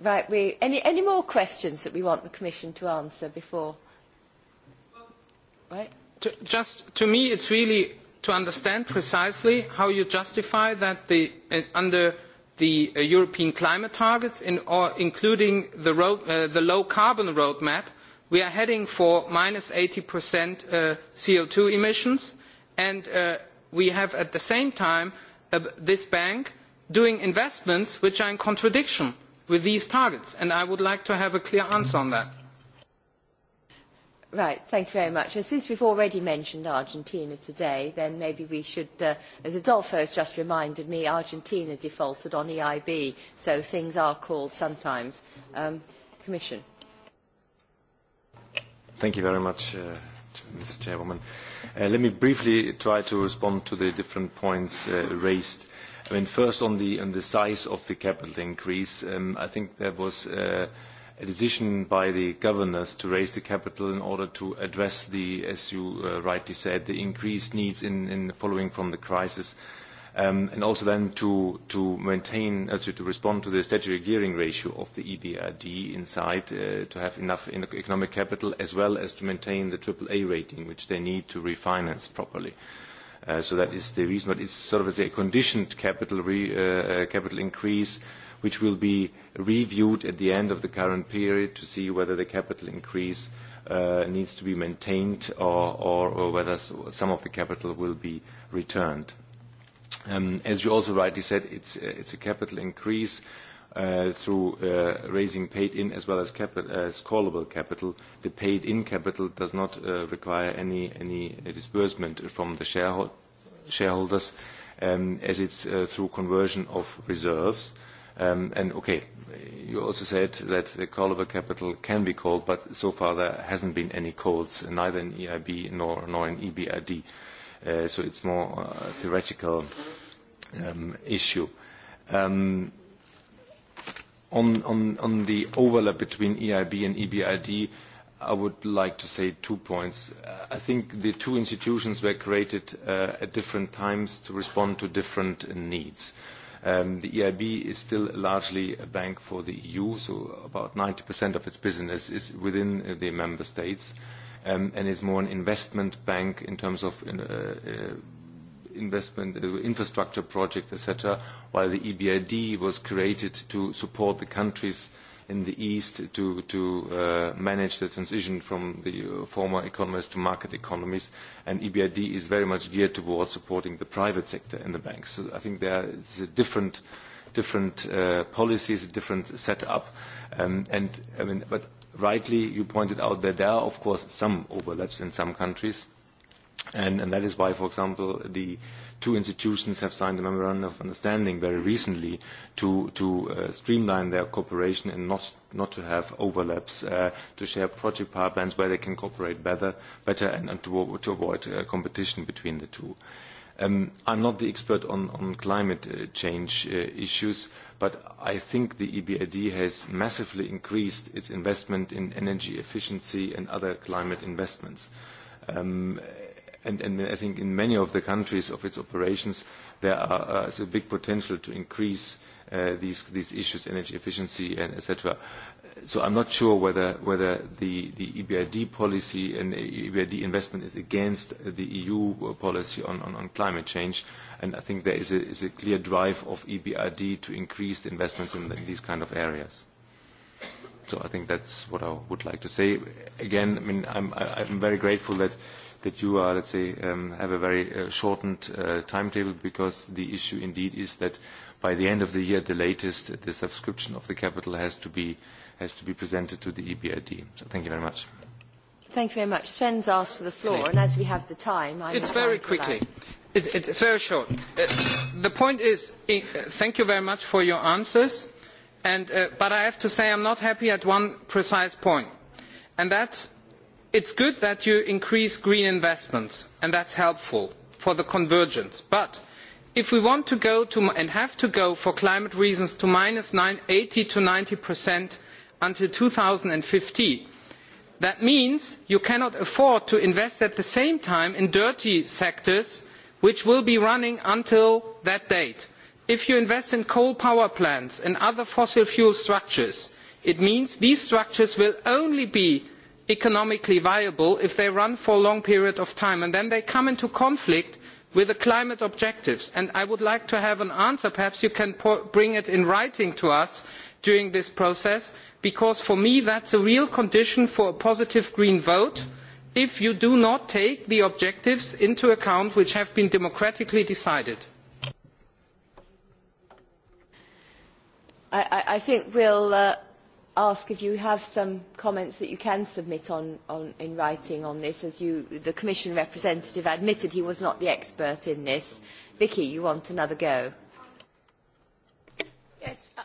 right, we, any, any more questions that we want the Commission to answer before? Right? To, just to me, it's really to understand precisely how you justify that the, uh, under the uh, European climate targets, in, or including the, road, uh, the low carbon roadmap, we are heading for minus 80% uh, CO2 emissions, and uh, we have at the same time uh, this bank doing investments which are in contradiction with these targets, and I would like to have a clear answer on that. Right, thank you very much. And since we've already mentioned Argentina today, then maybe we should, uh, as Adolfo has just reminded me, Argentina defaulted on EIB, so things are called sometimes. Um, Commission. Thank you very much, uh, Ms. Chairwoman. Uh, let me briefly try to respond to the different points uh, raised. I mean, first on the, on the size of the capital increase, um, I think there was uh, a decision by the governors to raise the capital in order to address the, as you uh, rightly said, the increased needs in, in following from the crisis, um, and also then to, to maintain, uh, to, to respond to the statutory gearing ratio of the EBRD inside, uh, to have enough in economic capital as well as to maintain the AAA rating, which they need to refinance properly. Uh, so that is the reason, but it's sort of a conditioned capital, re, uh, uh capital increase which will be reviewed at the end of the current period to see whether the capital increase uh, needs to be maintained or, whether some of the capital will be returned. Um, as you also rightly said, it's, uh, a capital increase uh, through raising paid-in as well as, capital, as callable capital. The paid-in capital does not require any, disbursement from the shareholders um, as it's through conversion of reserves. Um, and okay, you also said that the callable capital can be called, but so far there hasn't been any calls, neither in EIB nor, nor in EBRD. Uh, so it's more uh, a theoretical um, issue. Um, on, on, on the overlap between EIB and EBRD, I would like to say two points. Uh, I think the two institutions were created uh, at different times to respond to different needs. Uh, Um, the EIB is still largely a bank for the EU, so about 90% of its business is within uh, the member states, um, and is more an investment bank in terms of in, uh, uh, investment, uh, infrastructure projects, etc., while the EBRD was created to support the countries' in the East to, to uh, manage the transition from the uh, former economies to market economies, and EBRD is very much geared towards supporting the private sector in the banks. So I think there is a different, different uh, policies, a different setup, um, and I mean, but rightly you pointed out that there are of course some overlaps in some countries. And, and that is why, for example, the two institutions have signed a memorandum of understanding very recently to, to uh, streamline their cooperation and not, not to have overlaps, uh, to share project pipelines where they can cooperate better, better and, and to, to avoid uh, competition between the two. Um, I'm not the expert on, on climate uh, change uh, issues, but I think the EBRD has massively increased its investment in energy efficiency and other climate investments. Um, and, and I think in many of the countries of its operations there are, uh, is a big potential to increase uh, these, these issues, energy efficiency and etc. So I'm not sure whether, whether the, the EBRD policy and EBRD investment is against the EU policy on, on, on climate change. And I think there is a, is a clear drive of EBRD to increase the investments in, the, in these kind of areas. So I think that's what I would like to say. Again, I mean, I'm, I'm very grateful that that you are, let's say, um, have a very uh, shortened uh, timetable because the issue indeed is that by the end of the year, the latest, the subscription of the capital has to be, has to be presented to the EBRD. So thank you very much. Thank you very much. Sven's asked for the floor, and as we have the time, I It's very quickly. It's, it's very short. Uh, the point is, uh, thank you very much for your answers, and, uh, but I have to say I'm not happy at one precise point, and that's It is good that you increase green investments, and that is helpful for the convergence. But if we want to go to, and have to go for climate reasons to minus eighty to 90% until fifty, that means you cannot afford to invest at the same time in dirty sectors which will be running until that date. If you invest in coal power plants and other fossil fuel structures, it means these structures will only be economically viable if they run for a long period of time and then they come into conflict with the climate objectives and i would like to have an answer perhaps you can bring it in writing to us during this process because for me that is a real condition for a positive green vote if you do not take the objectives into account which have been democratically decided. I, I think we'll uh ask if you have some comments that you can submit on, on, in writing on this, as you, the Commission representative admitted he was not the expert in this. Vicky, you want another go? Yes, uh,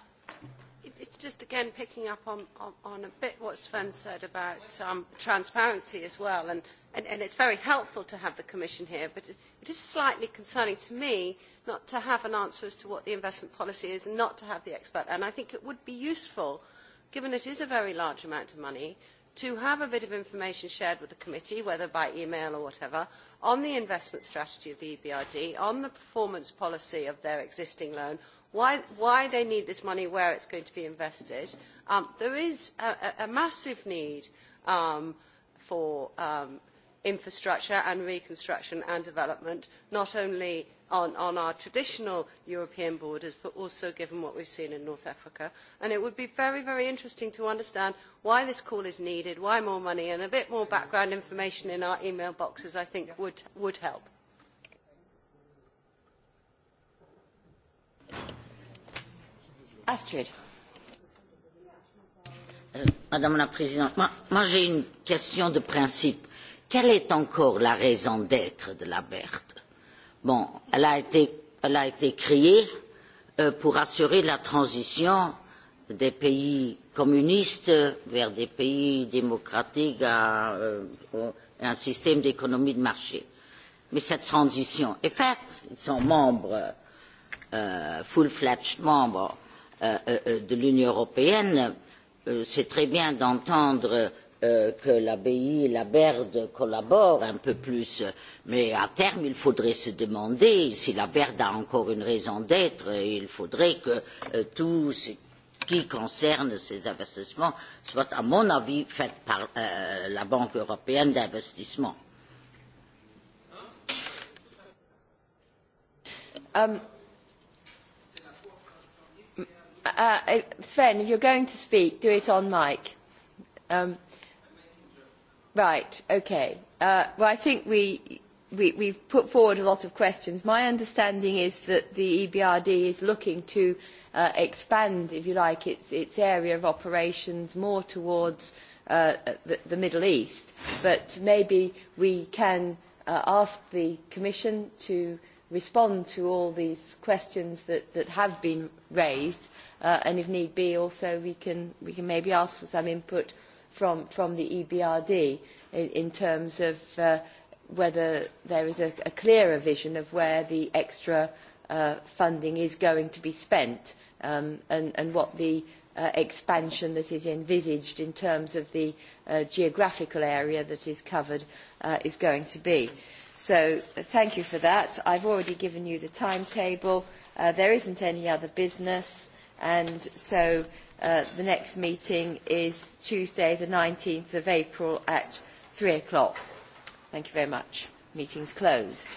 it, it's just again picking up on, on, on a bit what Sven said about um, transparency as well, and, and, and it's very helpful to have the Commission here, but it, it is slightly concerning to me not to have an answer as to what the investment policy is and not to have the expert, and I think it would be useful – given it is a very large amount of money, to have a bit of information shared with the committee, whether by email or whatever, on the investment strategy of the EBRD, on the performance policy of their existing loan, why, why they need this money, where it's going to be invested. Um, there is a, a massive need um, for um, infrastructure and reconstruction and development, not only on, on our traditional European borders, but also given what we've seen in North Africa. And it would be very, very interesting to understand why this call is needed, why more money, and a bit more background information in our email boxes, I think, would, would help. Astrid. Euh, Madame la Présidente, moi, moi j'ai une question de principe. Quelle est encore la raison d'être de la Berthe? Bon, elle a été, elle a été créée euh, pour assurer la transition des pays communistes vers des pays démocratiques à, à euh, un système d'économie de marché. Mais cette transition est faite. Ils sont membres, euh, full-fledged membres euh, euh, euh de l'Union européenne. Euh, C'est très bien d'entendre Euh, que l'abbaye et la Berde collaborent un peu plus, mais à terme, il faudrait se demander si la Berde a encore une raison d'être, il faudrait que euh, tout ce qui concerne ces investissements soit, à mon avis, fait par euh, la Banque européenne d'investissement. Um, uh, Sven, if you're going to speak, do it on mic. Um, Right, okay. Uh, well, I think we, we, we've put forward a lot of questions. My understanding is that the EBRD is looking to uh, expand, if you like, its, its area of operations more towards uh, the, the Middle East. But maybe we can uh, ask the Commission to respond to all these questions that, that have been raised, uh, and if need be, also we can, we can maybe ask for some input from, from the EBRD in, in terms of uh, whether there is a, a clearer vision of where the extra uh, funding is going to be spent um, and, and what the uh, expansion that is envisaged in terms of the uh, geographical area that is covered uh, is going to be. So uh, thank you for that. I've already given you the timetable. Uh, there isn't any other business. And so Uh, the next meeting is Tuesday the 19th of April at 3 o'clock. Thank you very much. Meeting's closed.